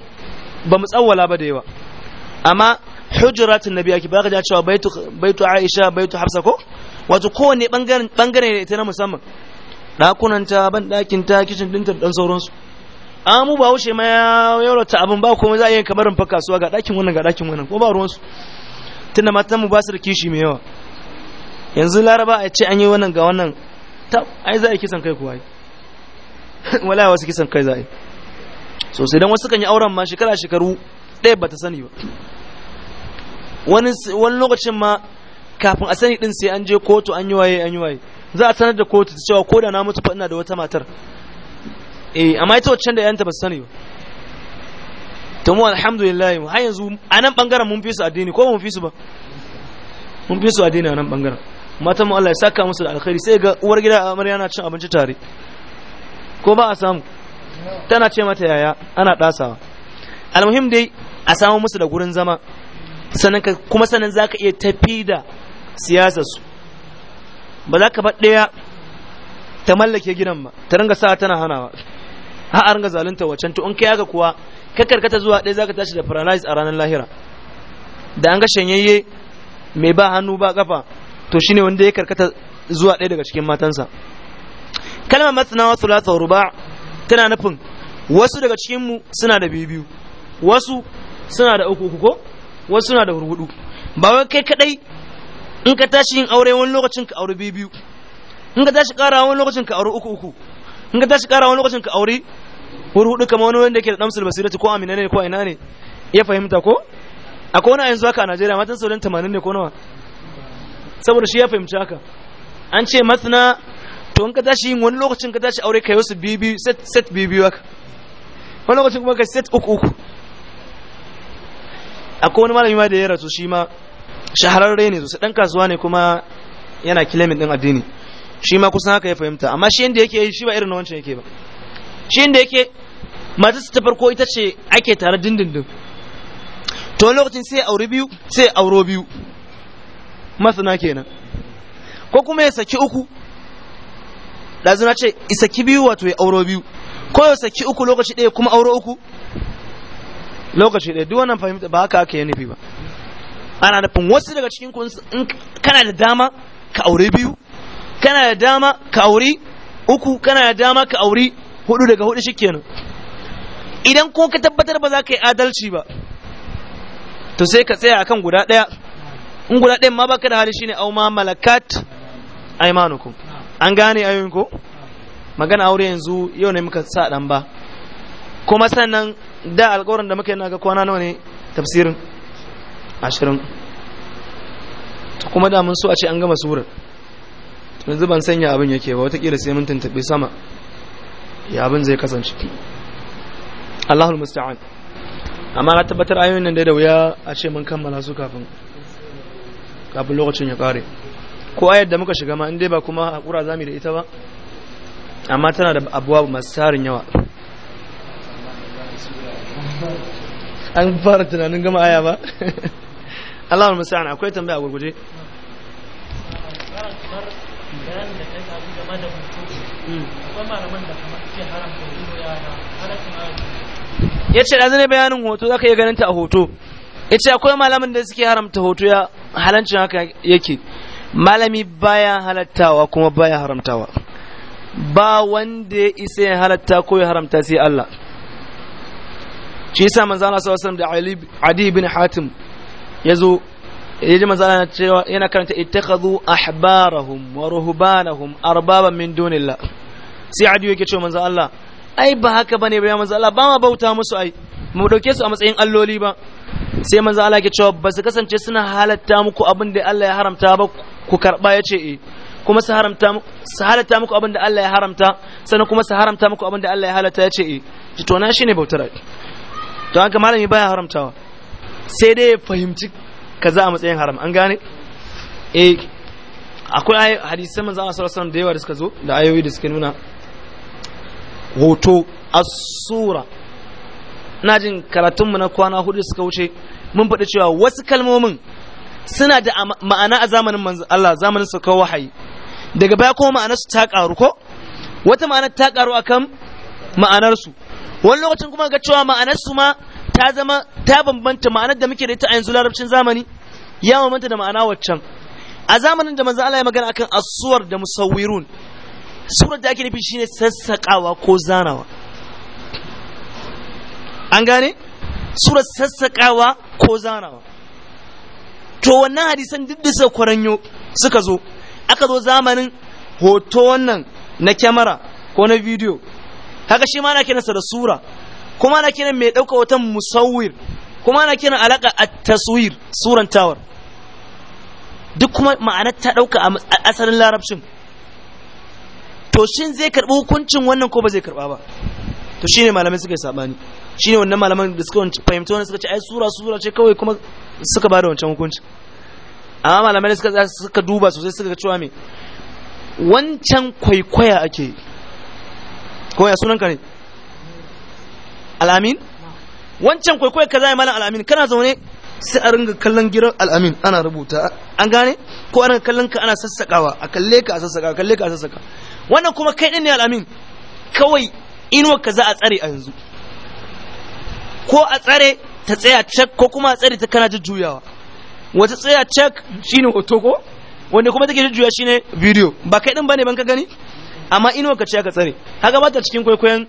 ba mu tsawwala ba da yawa amma hujurat annabi yake ba ga cewa baitu baitu aisha baitu hafsa ko wato kowanne bangaren bangare ne ita na musamman dakunan ta ban dakin ta kitchen dinta dan sauransu amu ba wuce ma ya yaurata abin ba kuma za a yi kamarin fa kasuwa ga dakin wannan ga dakin wannan ko ba ruwansu tunda matan mu ba su da kishi mai yawa yanzu laraba a ce an yi wannan ga wannan ta ai za a yi kisan kai kuwa wala wasu kisan kai za a yi sosai don wasu kan yi auren ma shekara shekaru ɗaya ba ta sani ba wani lokacin ma kafin a sani din sai an je kotu an yi waye an yi waye za a sanar da kotu ta cewa koda na mutu faɗina da wata matar eh amma ita wacce da yanta ba su sani ba to mu alhamdulillah har yanzu a nan bangaren mun fi su addini ko mun fi su ba mun fi su addini a nan bangaren matan mu Allah ya saka musu da alkhairi sai ga uwar gida amarya na cin abinci tare ko ba a samu tana ce mata yaya ana dasawa almuhim dai a samu musu da gurin zama sannan kuma sannan za ka iya tafi da siyasarsu ba za ka bar ɗaya ta mallake gidan ba ta ringa sa tana hanawa ha a ringa zalunta wacan to in kai haka kuwa ka karkata zuwa ɗaya za ka tashi da paralyze a ranar lahira da an ga shanyayye mai ba hannu ba kafa to shine wanda ya karkata zuwa ɗaya daga cikin matansa kalmar matsina sulata ruba tana nufin wasu daga cikinmu suna da biyu wasu suna da uku ko wasu suna da hurhudu ba wai kai kadai in ka tashi yin aure wani lokacin ka aure biyu biyu in ka tashi kara wani lokacin ka aure uku uku in ka tashi kara wani lokacin ka aure hurhudu kamar wani wanda yake da damsul basirati ko amina ne ko ina ne ya fahimta ko akwai wani yanzu haka a Najeriya matan sauran 80 ne ko nawa saboda shi ya fahimci haka an ce masna to in ka tashi yin wani lokacin ka tashi aure kai wasu biyu biyu set set biyu biyu haka wani lokacin kuma ka set uku uku akwai wani malami ma da ya rasu shi ma shahararre ne sosai dan kasuwa ne kuma yana kilamin din addini shi ma kusan haka ya fahimta amma shi inda yake shi ba irin wancan yake ba shi inda yake matarsa ta farko ita ce ake tare dindindin to lokacin sai aure biyu sai auro biyu masana kenan ko kuma ya saki uku ɗazu na ce isaki biyu wato ya auro biyu ko ya saki uku lokaci ɗaya kuma auro uku lokaci ɗaya duk wannan fahimta ba haka ake nufi ba ana nufin wasu daga cikin kun kana da dama ka aure biyu kana da dama ka aure uku kana da dama ka aure hudu daga hudu shikenan idan ko ka tabbatar ba za ka yi adalci ba to sai ka tsaya akan guda ɗaya in guda ɗaya ma baka da hali shine au ma malakat aymanukum an gane ayoyin ko magana aure yanzu yau ne muka sa dan ba kuma sannan da alƙawarin da muka yana ga kwana nawa ne tafsirin ashirin ta kuma da mun so a ce an gama surar yanzu ban sanya abin yake ba watakila sai mun tuntuɓi sama ya abin zai kasance Allahul musta'an amma na tabbatar ayoyin nan da wuya a ce mun kammala su kafin kafin lokacin ya kare ko ayar da muka shiga ma in ba kuma hakura zamu da ita ba amma tana da abuwa masu tarin yawa an fara tunanin gama aya ba Allah wani akwai tambaya gurguje ya ce ɗazu ne bayanin hoto za ka yi ganin ta a hoto ya ce akwai malamin da suke haramta hoto ya halancin haka yake malami baya halattawa kuma baya haramtawa ba wanda ya isa ya halatta ko ya haramta sai Allah shi yasa manzo Allah sallallahu alaihi wasallam da Ali bin Hatim yazo yaji manzo Allah cewa yana karanta ittakhadhu ahbarahum wa ruhbanahum arbaban min dunillah sai Adi yake cewa manzo Allah ai ba haka bane ba manzo Allah ba ma bauta musu ai mu dauke su a matsayin alloli ba sai manzo Allah ke cewa ba su kasance suna halatta muku abin da Allah ya haramta ba ku karba ya ce eh kuma su haramta su halatta muku abin da Allah ya haramta sannan kuma su haramta muku abin da Allah ya halatta ya ce eh to na shine bautar ai to haka malami baya haramtawa sai dai fahimci kaza a matsayin haram an gane eh akwai hadisai manzo Allah sallallahu alaihi da yawa da suka zo da ayoyi da suka nuna hoto as-sura ina jin karatun mu na kwana hudu suka wuce mun faɗi cewa wasu kalmomin suna da ma'ana a zamanin manzo Allah zamanin kawo wahayi daga baya kuma ma'anar su ta karu ko wata ma'anar ta karu akan ma'anar su wani lokacin kuma ga cewa ma'anar su ma ta zama ta bambanta ma'anar da muke da ita a yanzu larabcin zamani ya bambanta da ma'ana waccan a zamanin da manzo Allah ya magana akan asuwar da musawwirun surar da ake nufi shine sassaƙawa ko zanawa an gane surar sassaƙawa ko zanawa to wannan hadisan duk da suka kwaranyo suka zo aka zo zamanin hoto wannan na kyamara ko na bidiyo kaga shi ma ana kiransa da sura kuma ana kiran mai ɗauka wata musawir kuma ana kiran alaka at-taswir surantawar duk kuma ma'anar ta ɗauka a asalin larabcin to shin zai karɓi hukuncin wannan ko ba zai karɓa ba to shine malamai suka yi sabani shine wannan malaman da suka fahimta wannan suka ce ai sura sura ce kawai kuma suka bada wancan hukunci amma malamai suka suka duba sosai suka ga cewa me wancan kwaikwaya ake ko ya sunan ka ne al'amin wancan kwaikwayo ka zai malam al'amin kana zaune sai a ringa kallon giran al'amin ana rubuta an gane ko ana kallon ka ana sassakawa a kalle ka a sassaka a kalle ka a sassaka wannan kuma kai din ne al'amin kawai inuwa ka za a tsare a yanzu ko a tsare ta tsaya cak ko kuma a tsare ta kana jujjuyawa wata tsaya cak shine hoto ko wanda kuma take jujjuya shine bidiyo ba kai din bane ban ka gani amma ino ka ce aka tsare kaga ba ta cikin kwaikwayon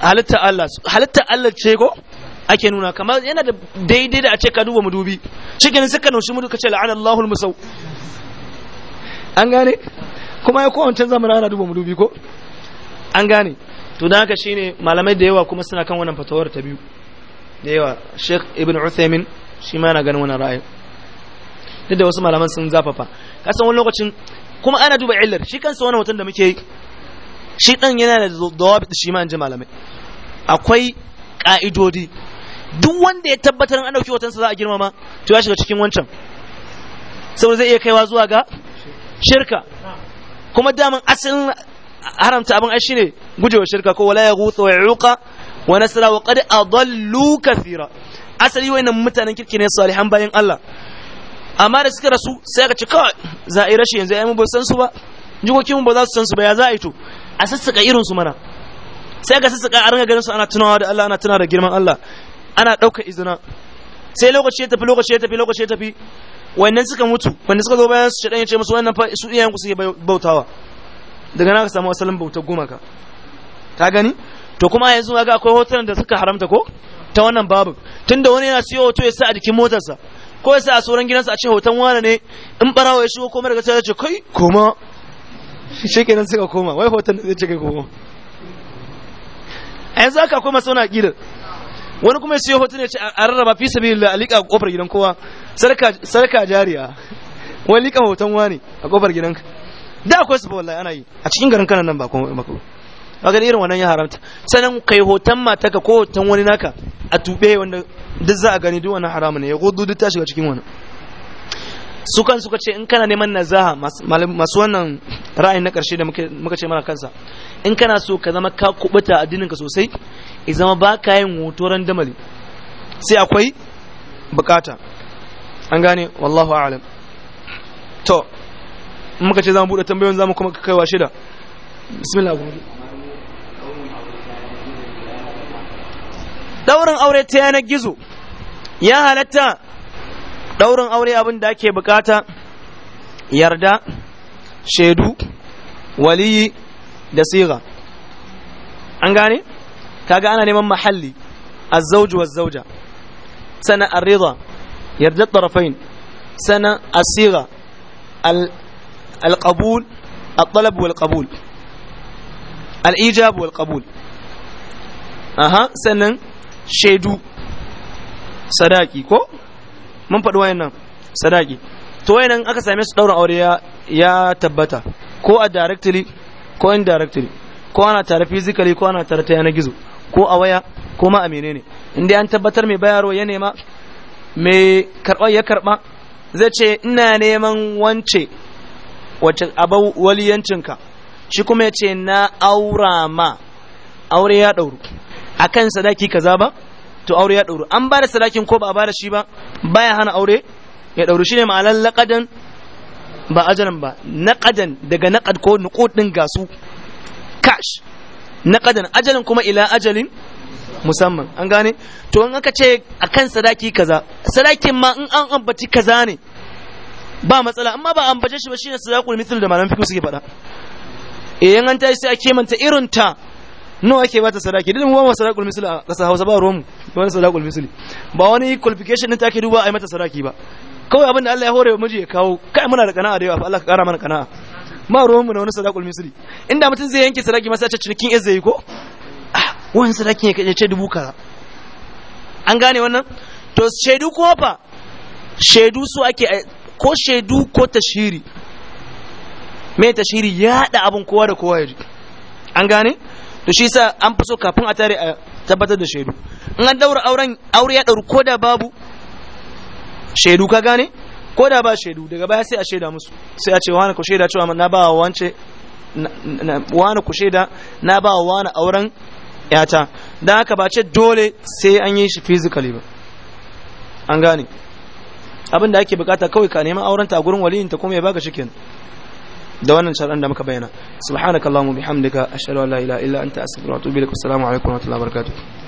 halitta Allah halitta Allah ce ko ake nuna kamar yana da daidai da a ce ka duba madubi cikin suka nushi mudu ka ce la'ana Allahul musau an gane kuma ya kowancan zamanin ana duba dubi ko an gane to da haka shine malamai da yawa kuma suna kan wannan fatawar ta biyu da yawa Sheikh Ibn Uthaymin shi ma yana ganin wannan ra'ayi duk da wasu malaman sun zafafa kasan wani lokacin kuma ana duba illar shi kansa wani hoton da muke yi shi dan yana da dawabit shi ma ji malamai akwai ka'idodi duk wanda ya tabbatar an dauki hotonsa za a girmama to ya shiga cikin wancan saboda zai iya kaiwa zuwa ga shirka kuma daman asalin haramta abin ai shine gujewa shirka ko wala ya yaghuthu wa yuqa wa nasra wa qad adallu kathira asali wayannan mutanen kirki ne salihan bayan Allah amma da suka rasu sai ka ce kawai za a yi rashi yanzu ya yi ba san su ba jikokin ba za su san su ba ya za a yi to a sassaka irin su mana sai ka sassaka a ranar ganin su ana tunawa da Allah ana tunawa da girman Allah ana ɗauka izina sai lokaci ya tafi lokaci ya tafi lokaci ya tafi wannan suka mutu wanda suka zo bayan su shaɗan ya ce musu wannan fa su iyayen ku suke bautawa daga na ka samu asalin bauta gumaka ka gani to kuma yanzu ga akwai hotunan da suka haramta ko ta wannan babu tunda wani yana siyo hoto ya sa a jikin motarsa ko yasa a sauran gidansa a ce hoton wane ne in barawa ya shigo koma daga sai ya ce kai koma shi nan suka koma wai hoton zai ce kai koma a yanzu haka akwai sauna a aƙidar wani kuma shi hoton ya ce a rarraba fi alika a kofar gidan kowa sarka jariya wani liƙa hoton wani a kofar gidanka da akwai su ba wallahi ana yi a cikin garin kanan nan ba kuma kaga irin wannan ya haramta sanan kai hoton mataka ko hoton wani naka a tube wanda duk za a gani duk wannan haramun ne ya gudu duk ta shiga cikin wannan su kan suka ce in kana neman nazaha masu wannan ra'ayin na karshe da muka ce mana kansa in kana so ka zama ka kubuta addinin ka sosai i zama ba ka yin hotoran damali sai akwai bukata an gane wallahu a'lam to muka ce za mu bude tambayoyin za mu kai wa shida bismillah Daurin aure ta yanar gizo ya halatta daurin aure abin da ake bukata yarda shaidu waliyi da siga an gane kaga ana neman mahalli azzauju wazzauja sana arrida yarda tarafain sana asiga alqabul الطلب والقبول الإيجاب والقبول أها سنن shaidu sadaki ko mun faɗi wayannan sadaki to wayannan aka same su ɗaura aure ya tabbata ko a directly ko indirectly ko ana tare physically ko ana tare ta yanar gizo ko a waya ko ma a menene in dai an tabbatar mai bayarwa ya nema mai karɓar ya karɓa zai ce ina neman wance wacce abau waliyancinka shi kuma ya ce na aura ma aure ya ɗauru akan sadaki kaza ba to aure ya dauru an ba da sadakin ko ba a ba da shi ba baya hana aure ya dauru shine ma'anar laqadan ba ajalan ba naqadan daga naqad ko nuqud gasu cash naqadan ajalin kuma ila ajalin musamman an gane to an aka ce akan sadaki kaza sadakin ma in an ambaci kaza ne ba matsala amma ba ambace shi ba shine sadaqul mithl da malam fiqh suke faɗa eh an ta sai a kimanta irin ta no ake bata sadaki din mu ba sadakul misli a ƙasa Hausa ba ruwan mu ba sadakul misli ba wani qualification din take duba ai mata sadaki ba kawai abin da Allah ya hore wa miji ya kawo kai muna da kana'a da yawa fa Allah ka kara mana kana'a ma ruwan mu na wani sadakul misli inda mutum zai yanke sadaki masa ta cinikin izza yi ko ah wani sadakin ya ce dubu kaza an gane wannan to shaidu ko fa shaidu su ake ko shaidu ko tashiri me tashiri ya da abin kowa da kowa ya ji an gane to shi sa an fi so kafin a tare a tabbatar da shaidu in an daura auren aure ya dauru ko da babu shaidu ka gane ko da ba shaidu daga baya sai a shaida musu sai a ce wani ku shaida cewa na ba wance wani ku shaida na ba wani auren yata don haka ba ce dole sai an yi shi physically ba an gane abin da ake bukata kawai ka neman aurenta a gurin ta kuma ya baka shi kenan da wannan sharan da muka bayyana subhanakallahumma bihamdika ashhadu an la ilaha illa anta astaghfiruka wa atubu ilaik assalamu alaikum wa rahmatullahi wa barakatuh